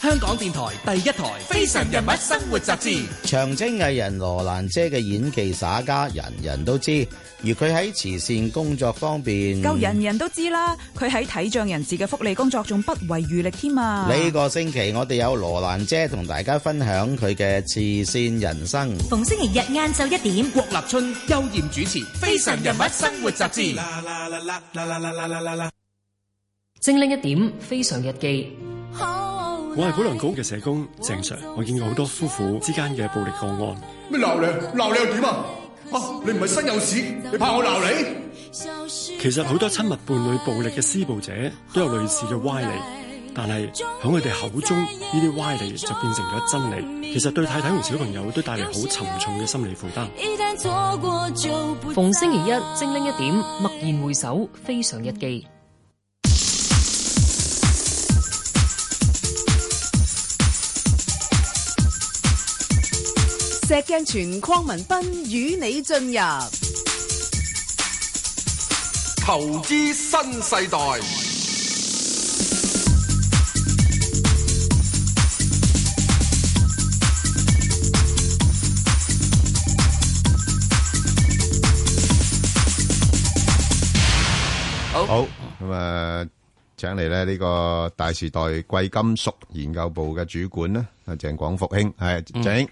香港電台第一台《非常人物生活雜誌》，長青藝人羅蘭姐嘅演技耍家，人人都知。而佢喺慈善工作方面，夠人人都知啦。佢喺體障人士嘅福利工作仲不遺餘力添啊！呢個星期我哋有羅蘭姐同大家分享佢嘅慈善人生。逢星期日晏晝一點，郭立春、邱艷主持《非常人物生活雜誌》。啦啦啦啦啦啦啦啦啦啦，精靈一點《非常日記》。我係保良局嘅社工鄭常，Sir, 我見過好多夫婦之間嘅暴力個案。咩鬧你？鬧你又點啊？啊，你唔係身有屎，你怕我鬧你？其實好多親密伴侶暴力嘅施暴者都有類似嘅歪理，但係響佢哋口中呢啲歪理就變成咗真理。其實對太太同小朋友都帶嚟好沉重嘅心理負擔。逢星期一精靈一點，默然回首，非常日記。石鏡泉鄺民彬與你進入投資新世代。好，咁啊好，請嚟咧呢個大時代貴金屬研究部嘅主管咧阿鄭廣福兄係請。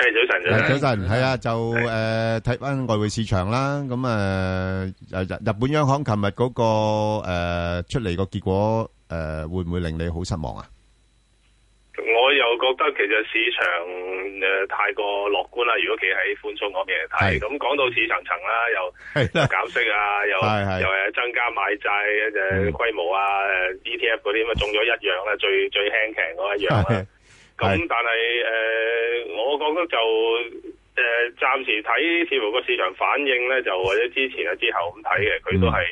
係早晨，早晨係啊，就誒睇翻外匯市場啦。咁啊，日日本央行琴日嗰個誒出嚟個結果誒，會唔會令你好失望啊？我又覺得其實市場誒太過樂觀啦。如果企喺寬鬆嗰邊嚟睇，咁講到似層層啦，又減息啊，又又係增加買債嘅規模啊，ETF 嗰啲咁啊，中咗一樣啦，最最輕騎嗰一樣咁但係誒、呃，我覺得就誒、呃，暫時睇似乎個市場反應咧，就或者之前啊之後咁睇嘅，佢都係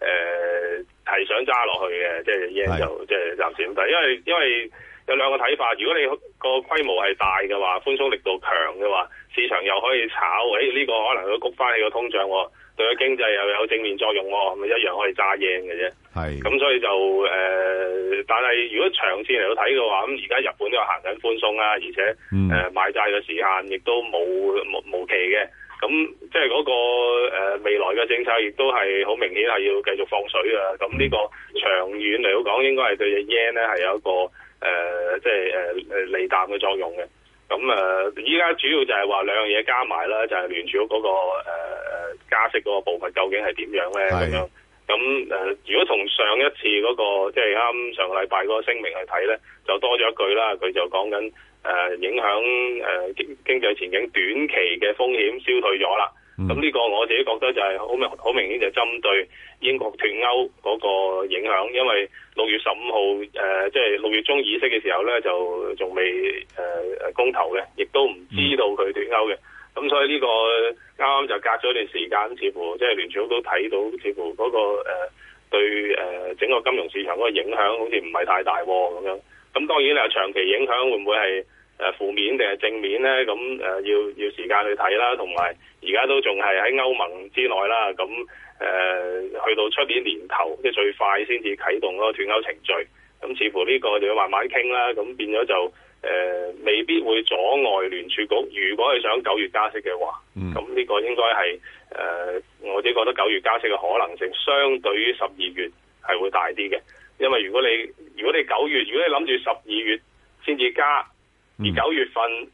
誒係想揸落去嘅，即係已 e 就即係的暫時唔睇，因為因為有兩個睇法，如果你個規模係大嘅話，寬鬆力度強嘅話，市場又可以炒，誒、哎、呢、這個可能要谷翻起個通脹喎。佢嘅經濟又有正面作用喎，咪一樣可以揸 yen 嘅啫。係是，咁所以就誒、呃，但係如果長線嚟到睇嘅話，咁而家日本都行緊寬鬆啦，而且誒買、呃、債嘅時限亦都冇無期嘅。咁即係嗰、那個、呃、未來嘅政策亦都係好明顯係要繼續放水啊。咁呢個長遠嚟到講，應該係對 yen 咧係有一個誒、呃，即係誒誒利淡嘅作用嘅。咁誒，依、呃、家主要就係話兩樣嘢加埋啦，就係聯儲局嗰個、呃加息嗰個部分究竟係點樣咧？咁樣咁誒，如果從上一次嗰、那個即係啱上個禮拜嗰個聲明去睇咧，就多咗一句啦。佢就講緊誒影響誒、呃、經濟前景短期嘅風險消退咗啦。咁呢、嗯、個我自己覺得就係好明好明顯就針對英國脱歐嗰個影響，因為六月十五號誒即係六月中議息嘅時候咧，就仲未誒公投嘅，亦都唔知道佢脱歐嘅。嗯咁所以呢個啱啱就隔咗一段時間，似乎即係聯儲局都睇到，似乎嗰、那個誒、呃、對誒整個金融市場嗰個影響好似唔係太大喎，咁樣咁當然你話長期影響會唔會係誒負面定係正面咧？咁誒、呃、要要時間去睇啦。同埋而家都仲係喺歐盟之內啦。咁誒、呃、去到出年年頭，即、就、係、是、最快先至啟動嗰個脫歐程序。咁似乎呢個就要慢慢傾啦。咁變咗就。誒、呃，未必會阻礙聯儲局。如果係想九月加息嘅話，咁呢、嗯、個應該係誒，我自己覺得九月加息嘅可能性相對於十二月係會大啲嘅。因為如果你如果你九月，如果你諗住十二月先至加，而九、嗯、月份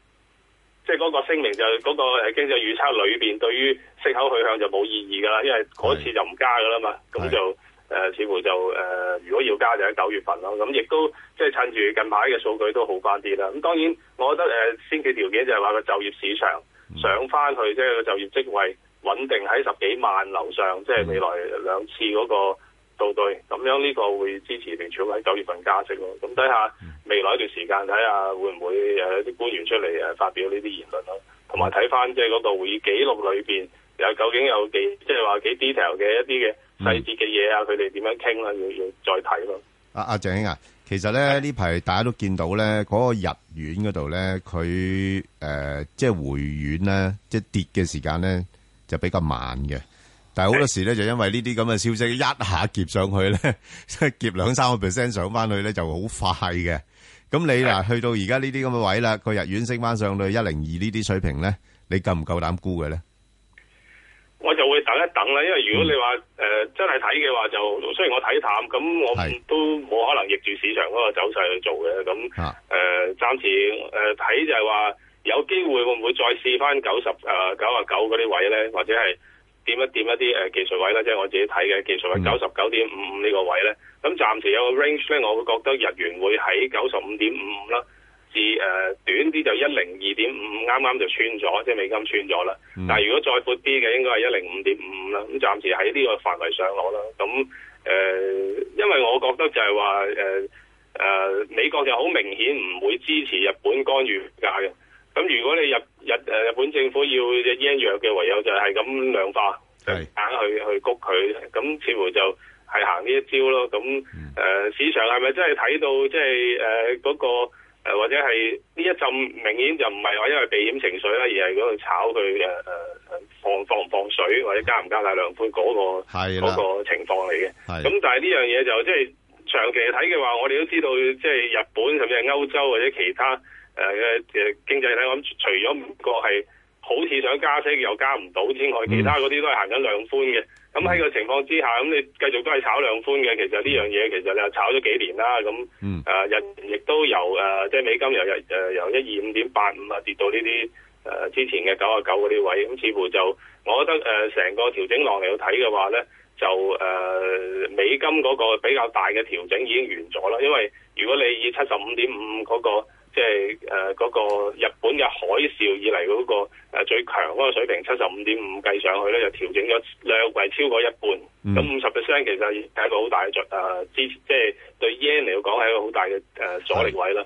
即係嗰個聲明就嗰個經濟預測裏邊對於息口去向就冇意義噶啦，因為嗰次就唔加噶啦嘛，咁是就。誒、呃、似乎就誒、呃，如果要加就喺九月份咯。咁、嗯、亦都即係趁住近排嘅數據都好翻啲啦。咁、嗯、當然，我覺得誒、呃、先嘅條件就係話個就業市場上翻去，即係個就業職位穩定喺十幾萬樓上，嗯、即係未來兩次嗰個度對，咁樣呢個會支持佢想喺九月份加息咯。咁睇下未來一段時間睇下會唔會有啲官員出嚟誒發表呢啲言論咯，同埋睇翻即係嗰個會議記錄裏邊又究竟有幾即係話幾 detail 嘅一啲嘅。細節嘅嘢啊，佢哋點樣傾啦，要要再睇咯。阿阿鄭兄啊，其實咧呢排的大家都見到咧，嗰、那個日元嗰度咧，佢誒即係回軟咧，即、就、係、是、跌嘅時間咧就比較慢嘅。但係好多時咧就的因為呢啲咁嘅消息一下夾上去咧，夾兩三個 percent 上翻去咧就好快嘅。咁你嗱的去到而家呢啲咁嘅位啦，個日元升翻上到一零二呢啲水平咧，你夠唔夠膽沽嘅咧？我就會等一等啦，因為如果你話誒、呃、真係睇嘅話，就雖然我睇淡，咁我是都冇可能逆住市場嗰個走勢去做嘅。咁誒、啊呃、暫時誒睇、呃、就係話有機會會唔會再試返九十誒九啊九嗰啲位咧，或者係點一點一啲誒、呃、技術位咧，即、就、係、是、我自己睇嘅技術位九十九點五五呢個位咧。咁暫時有個 range 咧，我會覺得日元會喺九十五點五五啦。至誒短啲就一零二點五，啱啱就穿、是、咗，即係美金穿咗啦。但係如果再闊啲嘅，應該係一零五點五啦。咁暫時喺呢個範圍上落啦。咁誒、呃，因為我覺得就係話誒誒，美國就好明顯唔會支持日本干預匯價嘅。咁如果你日日誒日本政府要嘅應弱嘅，唯有就係咁量化，係是的 硬去去谷佢。咁似乎就係行呢一招咯。咁誒、嗯呃、市場係咪真係睇到即係誒嗰個？誒，或者係呢一浸明顯就唔係話因為避險情緒啦，而係嗰度炒佢誒誒誒放放唔放水，或者加唔加大量款嗰、那個嗰的個情況嚟嘅。係咁的，但係呢樣嘢就即係、就是、長期睇嘅話，我哋都知道，即、就、係、是、日本甚至係歐洲或者其他誒嘅誒經濟體，我諗除咗唔過係。好似想加息又加唔到，之外其他嗰啲都係行緊量寬嘅。咁喺、mm. 個情況之下，咁你繼續都係炒量寬嘅。其實呢樣嘢其實你又炒咗幾年啦。咁啊，日、mm. 呃、亦都由啊、呃，即係美金、呃、由日誒由一二五點八五啊跌到呢啲誒之前嘅九啊九嗰啲位。咁、呃、似乎就，我覺得誒成、呃、個調整落嚟睇嘅話咧，就誒、呃、美金嗰個比較大嘅調整已經完咗啦。因為如果你以七十五點五嗰個即係誒嗰個日本嘅海嘯以嚟嗰個、那個、呃、最強嗰個水平七十五點五計上去咧，就調整咗略為超過一半。咁五十 percent 其實係一個好大嘅誒支，即係對 yen 嚟講係一個好大嘅誒、呃、阻力位啦。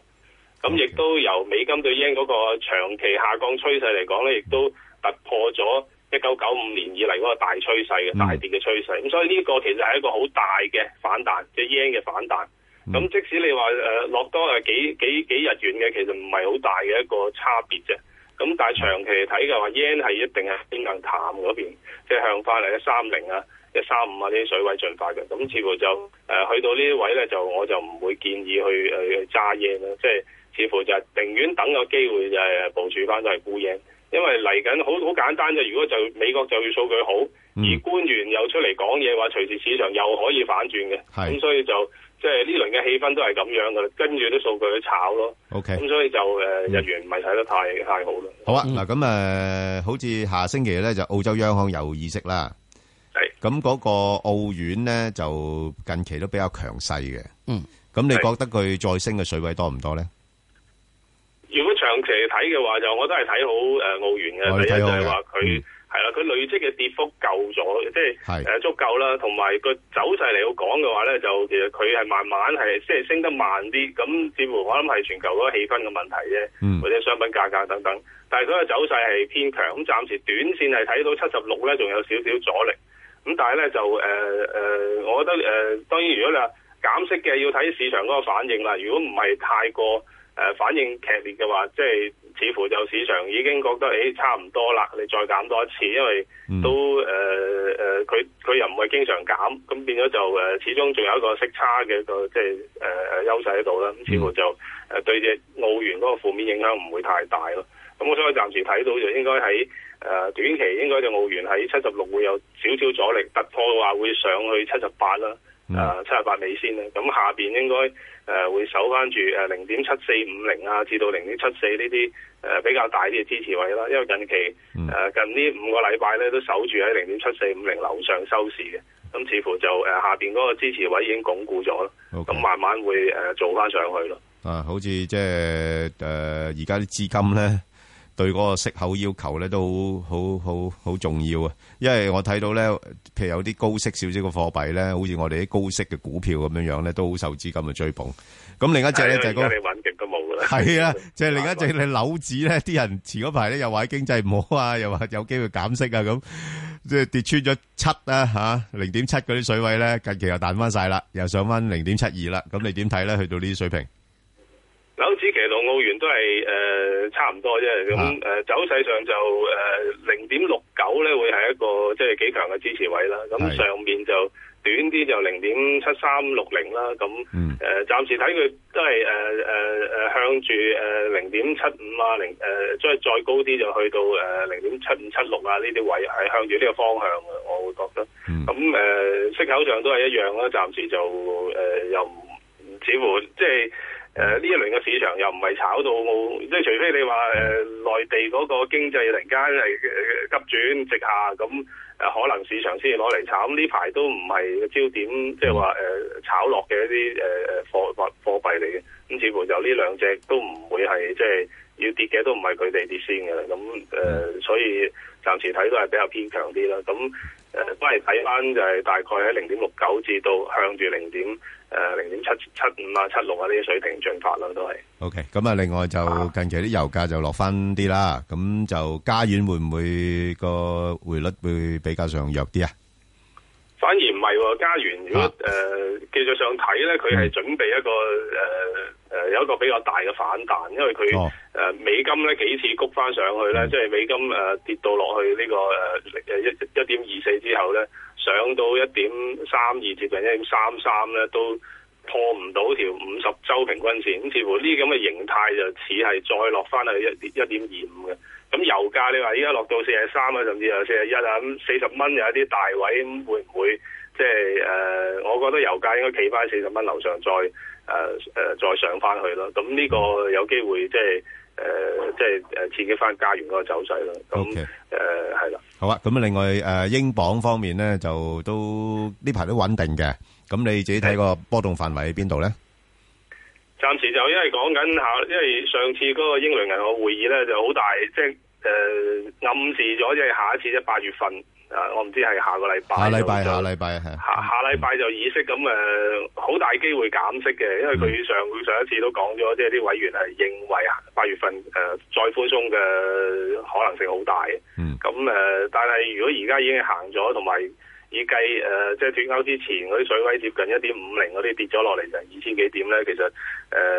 咁亦都由美金對 yen 嗰個長期下降趨勢嚟講咧，亦都突破咗一九九五年以嚟嗰個大趨勢嘅、嗯、大跌嘅趨勢。咁、嗯、所以呢個其實係一個好大嘅反彈，即係 yen 嘅反彈。咁、嗯、即使你話誒、呃、落多係幾幾幾日元嘅，其實唔係好大嘅一個差別啫。咁但係長期嚟睇嘅話，yen 係一定係偏向淡嗰邊，即係向翻嚟一三零啊，一三五啊啲水位進發嘅。咁、嗯、似乎就誒、呃、去到呢啲位咧，就我就唔會建議去誒揸 yen 啦。即係似乎就寧願等個機會就係部署翻都係沽 yen，因為嚟緊好好簡單啫。如果就美國就要數據好，而官員又出嚟講嘢話，隨時市場又可以反轉嘅。咁、嗯、是所以就。即係呢輪嘅氣氛都係咁樣噶，跟住啲數據去炒咯。O K，咁所以就誒日元咪睇得太、嗯、太好咯。好啊，嗱咁誒，好似下星期咧就澳洲央行有意識啦。係是。咁嗰個澳元咧就近期都比較強勢嘅。嗯。咁你覺得佢再升嘅水位多唔多咧？如果長期睇嘅話，就我都係睇好誒、呃、澳元嘅。你睇、哦、好嘅。就係話佢。係啦，佢累積嘅跌幅夠咗，即係誒是、呃、足夠啦。同埋個走勢嚟講嘅話咧，就其實佢係慢慢係即係升得慢啲。咁似乎我諗係全球嗰個氣氛嘅問題啫，或者商品價格等等。但係佢個走勢係偏強。咁、嗯、暫時短線係睇到七十六咧，仲有少少阻力。咁、嗯、但係咧就誒誒、呃呃，我覺得誒、呃、當然如果你話減息嘅，要睇市場嗰個反應啦。如果唔係太過。誒反應劇烈嘅話，即係似乎就市場已經覺得誒、欸、差唔多啦，你再減多一次，因為都誒誒，佢、呃、佢、呃、又唔係經常減，咁變咗就誒、呃，始終仲有一個息差嘅一個即係誒誒優勢喺度啦，咁、呃、似乎就誒、嗯呃、對住澳元嗰個負面影響唔會太大咯。咁我所以暫時睇到就應該喺誒短期應該就澳元喺七十六會有少少阻力突破嘅話會上去七十八啦，誒七十八尾先啦。咁下邊應該誒會守翻住誒零點七四五零啊，至到零點七四呢啲誒比較大啲嘅支持位啦。因為近期誒、嗯、近呢五個禮拜咧都守住喺零點七四五零樓上收市嘅，咁似乎就誒下邊嗰個支持位已經鞏固咗啦。咁 Okay. 慢慢會誒做翻上去咯。啊，好似即係誒而家啲資金咧～對嗰個息口要求咧都好好好重要啊！因為我睇到咧，譬如有啲高息少少嘅貨幣咧，好似我哋啲高息嘅股票咁樣樣咧，都好受資金嘅追捧。咁另一隻咧就係嗰個，即係你穩定都冇噶啦。係啊，即係 另一隻你扭子咧，啲人前嗰排咧又話經濟唔好啊，又話有機會減息啊，咁即係跌穿咗七啊吓，零點七嗰啲水位咧，近期又彈翻晒啦，又上翻零點七二啦。咁你點睇咧？去到呢啲水平？樓指期同澳元都係誒、呃、差唔多啫，咁誒、呃、走勢上就誒零點六九咧，會係一個即係幾強嘅支持位啦。咁上面就短啲就零點七三六零啦。咁誒、呃、暫時睇佢都係誒誒誒向住誒零點七五啊，零誒即係再高啲就去到誒零點七五七六啊，呢啲位係向住呢個方向嘅，我會覺得。咁誒、嗯呃、息口上都係一樣啦，暫時就誒、呃、又唔似乎即係。誒，呢、呃、一輪嘅市場又唔係炒到。即係除非你話誒、呃、內地嗰個經濟突然間係急轉直下咁，誒、呃、可能市場先至攞嚟炒。咁呢排都唔係焦點，即係話誒炒落嘅一啲誒誒貨貨貨幣嚟嘅。咁似乎就呢兩隻都唔會係即係要跌嘅，都唔係佢哋跌先嘅。咁誒、呃，所以暫時睇都係比較偏強啲啦。咁誒，都係睇翻就係大概喺零點六九至到向住零點。誒，零點七七五啊，七六啊呢啲水平進發啦，都係。OK，咁啊，另外就近期啲油價就落翻啲啦，咁就加元會唔會個匯率會比較上弱啲啊？反而唔係喎，加元如果誒技術上睇咧，佢係準備一個誒誒、呃呃、有一個比較大嘅反彈，因為佢誒、哦呃、美金咧幾次谷翻上去咧，嗯、即係美金誒、呃、跌到落去呢、呢個誒一一點二四之後咧。上到一點三二接近一點三三咧，都破唔到條五十週平均線，咁似乎呢啲咁嘅形態就似係再落翻去一一點二五嘅。咁油價你話依家落到四十三啊，甚至有四十一啊，咁四十蚊有一啲大位會會，咁會唔會即係誒？我覺得油價應該企翻四十蚊樓上再、呃呃，再誒誒再上翻去咯。咁呢個有機會即係。就是誒、呃，即係誒，刺激翻加元嗰個走勢咯。咁、嗯、誒，係啦 Okay.、呃。好啊，咁另外誒、呃，英鎊方面咧，就都呢排都穩定嘅。咁你自己睇個波動範圍喺邊度咧？暫時就因為講緊下，因為上次嗰個英倫銀行會議咧就好大，即係誒暗示咗，即係下一次即係八月份。啊！我唔知係下個禮拜，下禮拜下禮拜係下下禮拜就議息咁誒，好、嗯、大機會減息嘅，因為佢上、嗯、上一次都講咗，即係啲委員係認為啊，八月份誒、呃、再寬鬆嘅可能性好大嘅。嗯。咁誒、呃，但係如果而家已經行咗，同埋以計誒，即係脫歐之前嗰啲水位接近一、就是、點五零嗰啲跌咗落嚟就二千幾點咧，其實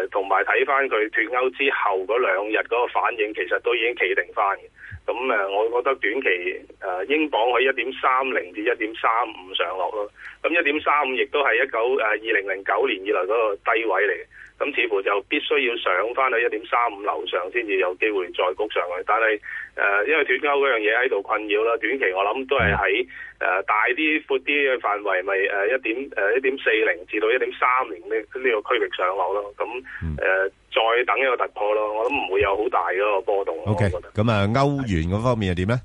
誒同埋睇翻佢脫歐之後嗰兩日嗰個反應，其實都已經企定翻嘅。咁誒，我覺得短期誒、呃，英鎊喺一點三零至一點三五上落咯。咁一點三五亦都係一九誒二零零九年以來嗰個低位嚟。咁似乎就必須要上返去一點三五樓上，先至有機會再谷上去。但係誒、呃，因為脱歐嗰樣嘢喺度困擾啦，短期我諗都係喺誒大啲、闊啲嘅範圍，咪誒一點誒一點四零、就是呃、至到一點三零呢呢個區域上落咯。咁誒。呃嗯再等一個突破咯，我諗唔會有好大嗰個波動。O K，咁啊，歐元嗰方面又點呢？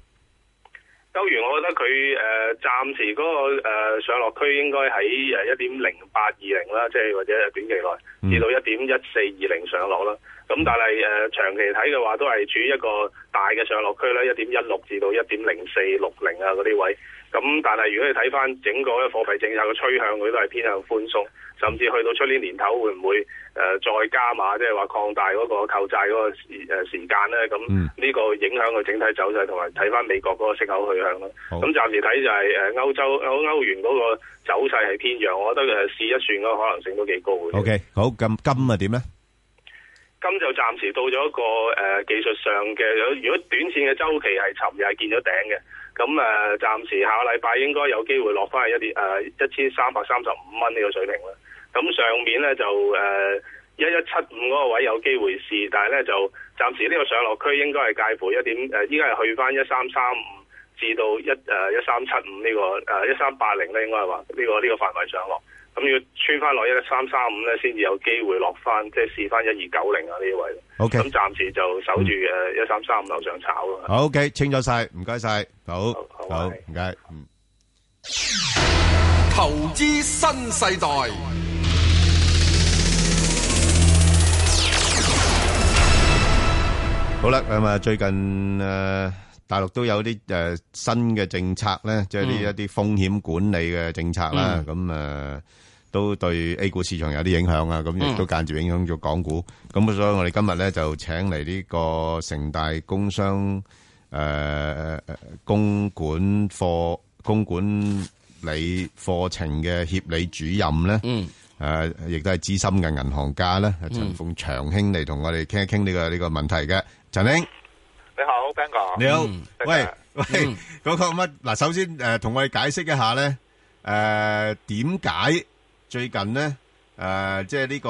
歐元，我覺得佢誒、呃、暫時嗰、嗰個、呃、上落區應該喺誒一點零八二零啦，即係或者短期內至到一點一四二零上落啦。咁、嗯、但係誒、呃、長期睇嘅話，都係處於一個大嘅上落區啦，一點一六至到一點零四六零啊嗰啲位。咁但係如果你睇翻整個嘅貨幣政策嘅趨向，佢都係偏向寬鬆，甚至去到出年年頭會唔會誒、呃、再加碼，即係話擴大嗰、嗰個購債嗰個時誒、呃、間咧？咁呢、嗯、個影響佢整體走勢，同埋睇翻美國嗰個息口去向咯。咁暫好、嗯、時睇就係誒歐洲歐歐元嗰個走勢係偏弱，我覺得佢係試一算，嗰個可能性都幾高嘅。O、okay, K，好，咁金啊點咧？金就暫時到咗一個誒、呃、技術上嘅，如果短線嘅周期係尋日係見咗頂嘅。咁誒，暫時下個禮拜應該有機會落翻去一啲誒一千三百三十五蚊呢個水平啦。咁、嗯、上面咧就誒一一七五嗰個位有機會試，但係咧就暫時呢個上落區應該係介乎一點誒，依家係去翻一三三五至到一誒一三七五呢個誒一三八零咧，應該係話呢個呢個範圍上落。咁要穿翻落一三三五咧，先至有機會落翻，即係試翻一二九零啊呢位。O K，咁暫時就守住誒一三三五樓上炒咯。OK，清咗晒，唔該晒。好好唔該。投資好是新世代。世代好啦，咁啊，最近誒、呃、大陸都有啲誒、呃、新嘅政策咧，即係呢一啲風險管理嘅政策啦。咁誒、嗯。都對 A 股市場有啲影響啊，咁亦都間接影響咗港股。咁所以我哋今日咧就請嚟呢個城大工商誒、公管課公管理課程嘅協理主任咧，誒亦都係資深嘅銀行家咧，陳鳳長興嚟同我哋傾一傾呢個呢個問題嘅。陳玲，你好，Ben 哥，你好，喂喂，嗰個乜嗱？首先誒，同我哋解釋一下咧，誒，點解？最近咧，誒、呃，即係呢個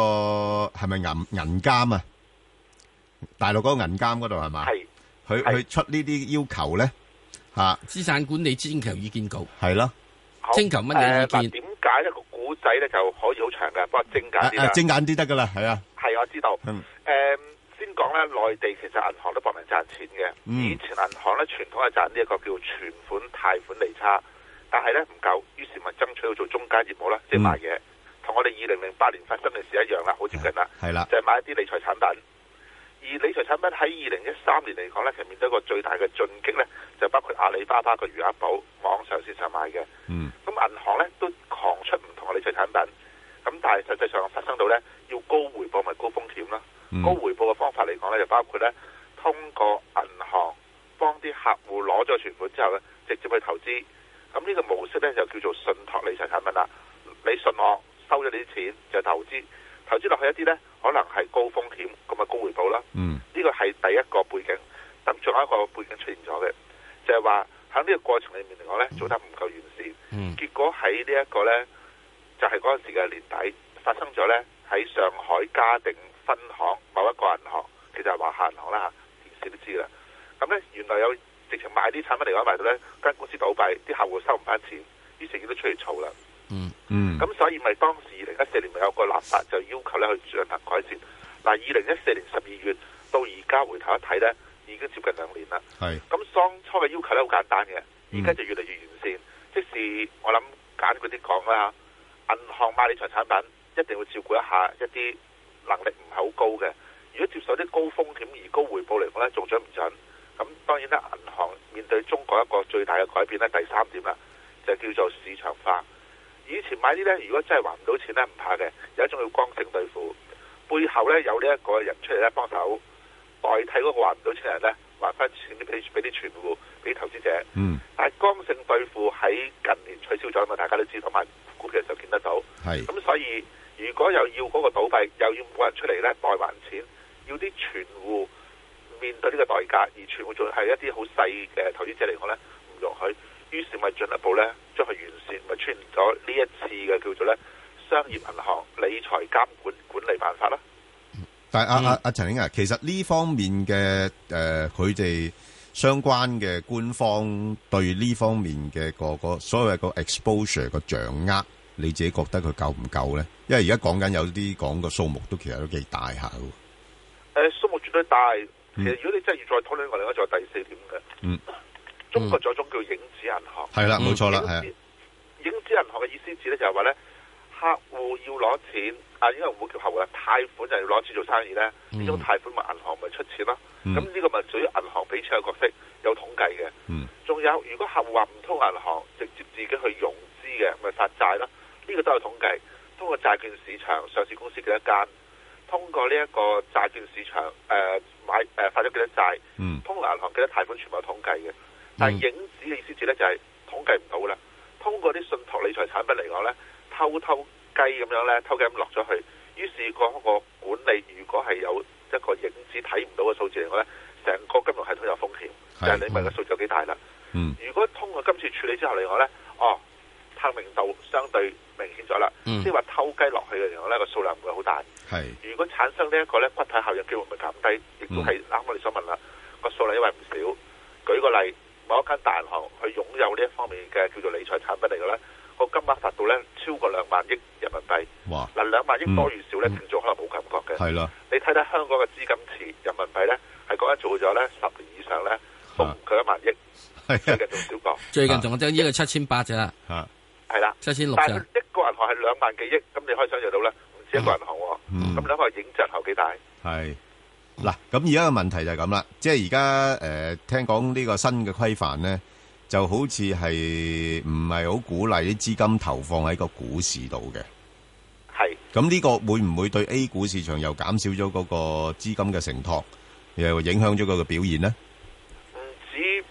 係咪銀銀監啊？大陸嗰個銀監嗰度係嘛？係，佢佢出呢啲要求咧嚇、啊、資產管理徵求意見稿係咯，徵求乜嘢意見？點解一個故仔咧就可以好長嘅？不過精簡啲精簡啲得㗎喇，係啊，係、啊、我知道。誒、嗯，先講咧，內地其實銀行都搏命賺錢嘅。以前銀行咧，傳統係賺呢一個叫存款貸款利差。但係咧唔夠，於是咪爭取到做中間業務啦，嗯、即係賣嘢，同我哋二零零八年發生嘅事一樣啦，好接近啦，係啦，就係買一啲理財產品。而理財產品喺二零一三年嚟講咧，其實面對一個最大嘅進擊咧，就包括阿里巴巴嘅餘額寶網上先至買嘅。嗯。咁銀行咧都狂出唔同嘅理財產品，咁但係實際上發生到咧，要高回報咪高風險咯。嗯、高回報嘅方法嚟講咧，就包括咧通過銀行幫啲客戶攞咗存款之後咧，直接去投資。咁呢個模式咧就叫做信託理財產品啦，你信我收咗你啲錢就投資，投資落去一啲咧可能係高風險，咁咪高回報啦。嗯，呢個係第一個背景。咁仲有一個背景出現咗嘅，就係話喺呢個過程裡面嚟講咧，做得唔夠完善。嗯，結果喺呢一、就是、個咧就係嗰陣時嘅年底發生咗咧喺上海嘉定分行某一個銀行，其實係話華夏銀行啦嚇，件事都知啦。咁咧原來有。直情買啲產品嚟賣到呢間公司倒閉，啲客戶收唔翻錢，於是佢都出嚟嘈啦。嗯嗯、mm，咁、hmm. 所以咪當時二零一四年咪有個立法就要求呢去進行改善。嗱，二零一四年十二月到而家回頭一睇呢已經接近兩年啦。係是。咁當初嘅要求呢好簡單嘅，而家就越嚟越完善。Mm hmm. 即使我諗簡佢啲講啦，銀行買理財產品一定會照顧一下一啲能力唔係好高嘅。如果接受啲高風險而高回報嚟講呢，仲準唔準？咁當然啦，銀行面對中國一個最大嘅改變咧，第三點啦，就叫做市場化。以前買啲咧，如果真係還唔到錢咧，唔怕嘅，有一種叫剛性兌付，背後咧有呢一個人出嚟咧幫手代替嗰個還唔到錢人咧還翻錢啲俾俾啲存戶俾投資者。嗯。但係剛性兌付喺近年取消咗，因為大家都知道嘛，買股嘅人就見得到。係是。咁所以如果又要嗰個倒閉，又要冇人出嚟咧代還錢，要啲存戶。面對呢個代價，而全部仲係一啲好細嘅投資者嚟講咧，唔容許。於是咪進一步咧，將佢完善，咪出現咗呢一次嘅叫做咧商業銀行理財監管管理辦法啦、嗯。但係阿阿阿陳警啊，其實呢方面嘅誒佢哋相關嘅官方對呢方面嘅個個所謂個 exposure 個掌握，你自己覺得佢夠唔夠咧？因為而家講緊有啲講個數目都其實都幾大下嘅。誒呃數目絕對大。嗯、其實如果你真係要再討論我哋嗰個第四點嘅，嗯、中國仲有一種叫影子銀行，係啦、嗯，冇錯啦，影子銀行嘅意思指咧就係話咧，客戶要攞錢，啊，因為唔會叫客戶貸款就要攞錢做生意咧，呢種貸款咪銀行咪出錢咯。咁呢、嗯、個咪屬於銀行俾錢嘅角色，有統計嘅。仲、嗯、有如果客戶話唔通銀行直接自己去融資嘅，咪發債咯。呢、這個都係統計，通過債券市場上市公司幾多間。通過呢一個債券市場，誒、呃、買誒、呃、發咗幾多債，嗯、通銀行幾多貸款，全部有統計嘅，嗯、但係影子意思指咧就係、是、統計唔到啦。通過啲信託理財產品嚟講咧，偷偷雞咁樣咧，偷雞咁落咗去，於是個個管理，如果係有一個影子睇唔到嘅數字嚟講咧，成個金融系統有風險，但係、嗯、你問個數字有幾大啦。嗯、如果通過今次處理之後嚟講咧，哦。透明度相對明顯咗啦，即係話偷雞落去嘅時候咧，個數量唔會好大。係，如果產生呢、這、一個咧，骨體效應機會咪減低，亦都係啱我哋所問啦。個數量因為唔少，舉個例，某一間大銀行佢擁有呢一方面嘅叫做理財產品嚟嘅咧，個金額達到咧超過兩萬億人民幣。哇！嗱，兩萬億多與少咧，聽眾、嗯、可能冇感覺嘅。係啦的，你睇睇香港嘅資金池人民幣咧，係講緊做咗咧十年以上咧，都唔夠一萬億。的最近仲少講，啊、最近仲我將呢個七千八咋嚇？啊啊係啦，七千六，但係一個銀行係兩萬幾億，咁你可以想象到咧，唔止一個銀行，咁你諗下影響頭幾大？係，嗱，咁而家嘅問題就係咁啦，即係而家誒，聽講呢個新嘅規範咧，就好似係唔係好鼓勵啲資金投放喺個股市度嘅，係。咁呢個會唔會對 A 股市場又減少咗嗰個資金嘅承托，又影響咗佢嘅表現咧？唔止。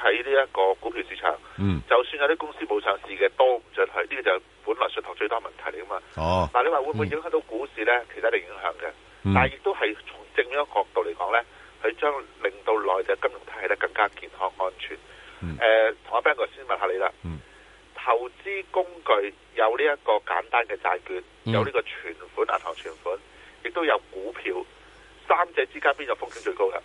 喺呢一個股票市場，嗯、就算有啲公司冇上市嘅，多唔進去，呢、呢個就係本來信託最多問題嚟噶嘛。哦，嗱、嗯，你話會唔會影響到股市咧？其實係影響嘅，嗯、但係亦都係從正樣角度嚟講咧，佢將令到內地金融體系咧更加健康安全。誒、嗯，唐、呃、民彬，我先問下你啦。嗯。投資工具有呢一個簡單嘅債券，有呢個存款、銀行存款，亦都有股票，三者之間邊個風險最高嘅？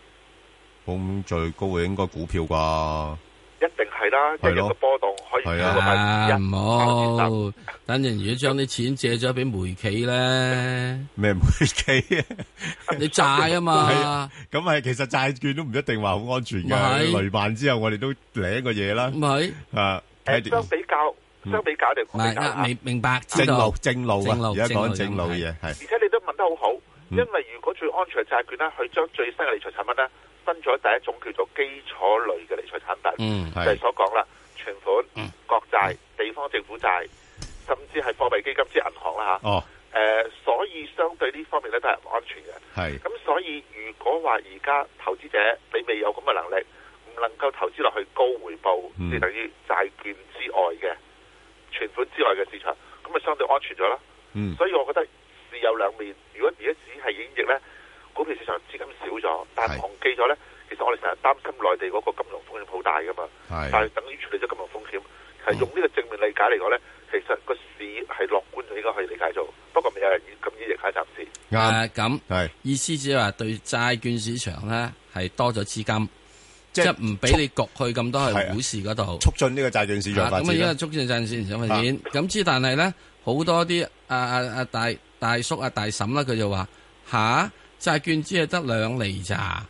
咁最高嘅應該股票啩，一定係啦，即係有個波動可以兩個百分一。唔好，等陣如果將啲錢借咗俾煤企咧，咩煤企啊？你債啊嘛，咁係其實債券都唔一定話好安全噶。雷曼之後，我哋都領一個嘢啦。唔係啊，相比較，相比較嚟講，明明白正路正路啊，而家講正路嘅嘢係。而且你都問得好好，因為如果最安全嘅債券咧，佢將最新嘅理財產品咧。分咗第一種叫做基礎類嘅理財產品，嗯、就係所講啦，存款、嗯、國債、地方政府債，甚至係貨幣基金之銀行啦吓，哦，誒、呃，所以相對呢方面咧都係安全嘅。係是，咁所以如果話而家投資者你未有咁嘅能力，唔能夠投資落去高回報，即、嗯、等於債券之外嘅存款之外嘅市場，咁咪相對安全咗啦。嗯，所以我覺得事有兩面，如果而家只係影形咧。股票市場資金少咗，但係忘記咗咧。是其實我哋成日擔心內地嗰個金融風險好大噶嘛。係是，但係等於處理咗金融風險，係、嗯、用呢個正面理解嚟講咧，其實個市係樂觀，應該可以理解到。不過未有人咁樣理解暫時。啊，咁係意思即係話對債券市場咧係多咗資金，即係唔俾你焗去咁多喺股市嗰度，啊，促進呢個債券市場。咁啊，依家促進債券市場發展。咁之，啊、但係咧好多啲阿阿阿大大叔、阿大嬸啦，佢就話嚇。啊債券只係得兩厘咋，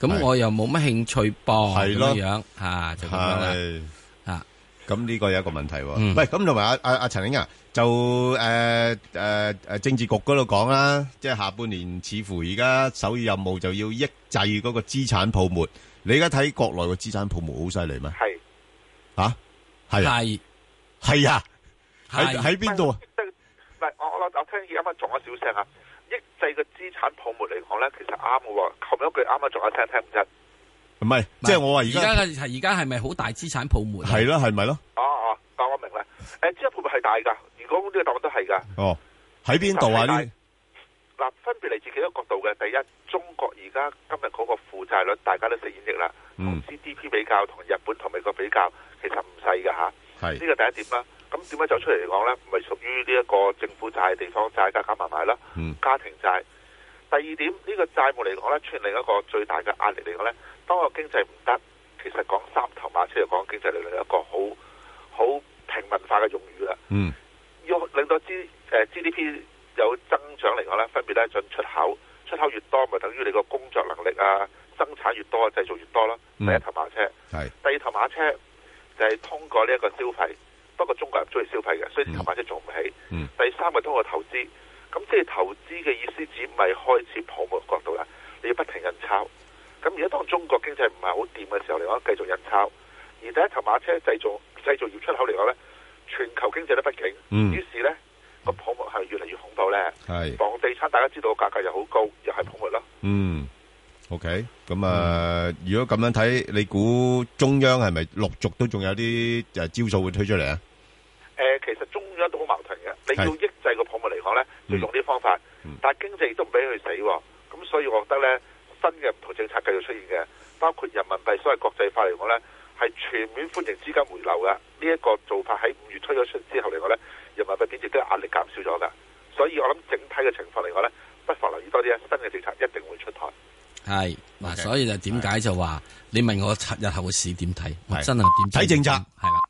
咁我又冇乜興趣博咁樣啊，就咁樣啦。啊，咁呢個有一個問題。喂咁，同埋阿阿阿陳玲啊，就誒誒誒，政治局嗰度講啦，即係下半年似乎而家首要任務就要抑制嗰個資產泡沫。你而家睇國內嘅資產泡沫好犀利咩？係，吓，係，係，啊，喺喺邊度啊？係我我我聽見，而家咪重咗小聲啊！抑制個資產泡沫嚟講咧，其實啱嘅。頭先嗰句啱啊，仲有聽，聽，聽唔得。唔係是，即係我話而家嘅而家係咪好大資產泡沫？係啦、啊，係咪咯？哦哦，但係我明啦。誒、欸，資產泡沫係大噶。如果呢個答案都係噶。哦，喺邊度啊？呢嗱這、啊，分別嚟自幾個角度嘅？第一，中國而家今日嗰個負債率，大家都識演繹啦。同、嗯、GDP 比較，同日本同美國比較，其實唔細噶吓。係呢個第一點啦。咁點解走出嚟嚟講咧？唔係屬於呢一個政府債、地方債加加埋埋啦，家庭債。第二點，呢、呢個債務嚟講咧，出現另一個最大嘅壓力嚟講咧，當個經濟唔得，其實講三頭馬車就講，經濟嚟講一個好好平民化嘅用語啦。嗯，要令到 G 誒 GDP 有增長嚟講咧，分別咧進出口，出口越多咪等於你個工作能力啊，生產越多製造越多咯。第一頭馬車係、嗯、第二頭馬車是就係通過呢一個消費。不過中國人唔中意消費嘅，所以頭馬車做唔起。嗯、第三個通過投資，咁即係投資嘅意思，只係開始泡沫角度啦。你要不停印鈔，咁而家當中國經濟唔係好掂嘅時候你講，繼續印鈔。而第一頭馬車製造製造業出口嚟講呢，全球經濟都不景，嗯、於是呢，個泡沫係越嚟越恐怖呢。是房地產大家知道個價格又好高，又係泡沫咯。嗯，OK，咁啊，嗯、如果咁樣睇，你估中央係咪陸續都仲有啲誒招數會推出嚟啊？誒，其實中央都好矛盾嘅，你要抑制個泡沫嚟講咧，要用啲方法；嗯嗯、但係經濟亦都唔俾佢死、啊，咁所以我覺得咧，新嘅唔同政策繼續出現嘅，包括人民幣所謂國際化嚟講咧，係全面歡迎資金回流嘅。呢、這、一個做法喺五月推咗出之後嚟講咧，人民幣貶值嘅壓力減少咗噶。所以我諗整體嘅情況嚟講咧，不妨留意多啲啊，新嘅政策一定會出台。係嗱是，okay, 所以就點解就話你問我七日後嘅事點睇，我真係點睇政策係啦。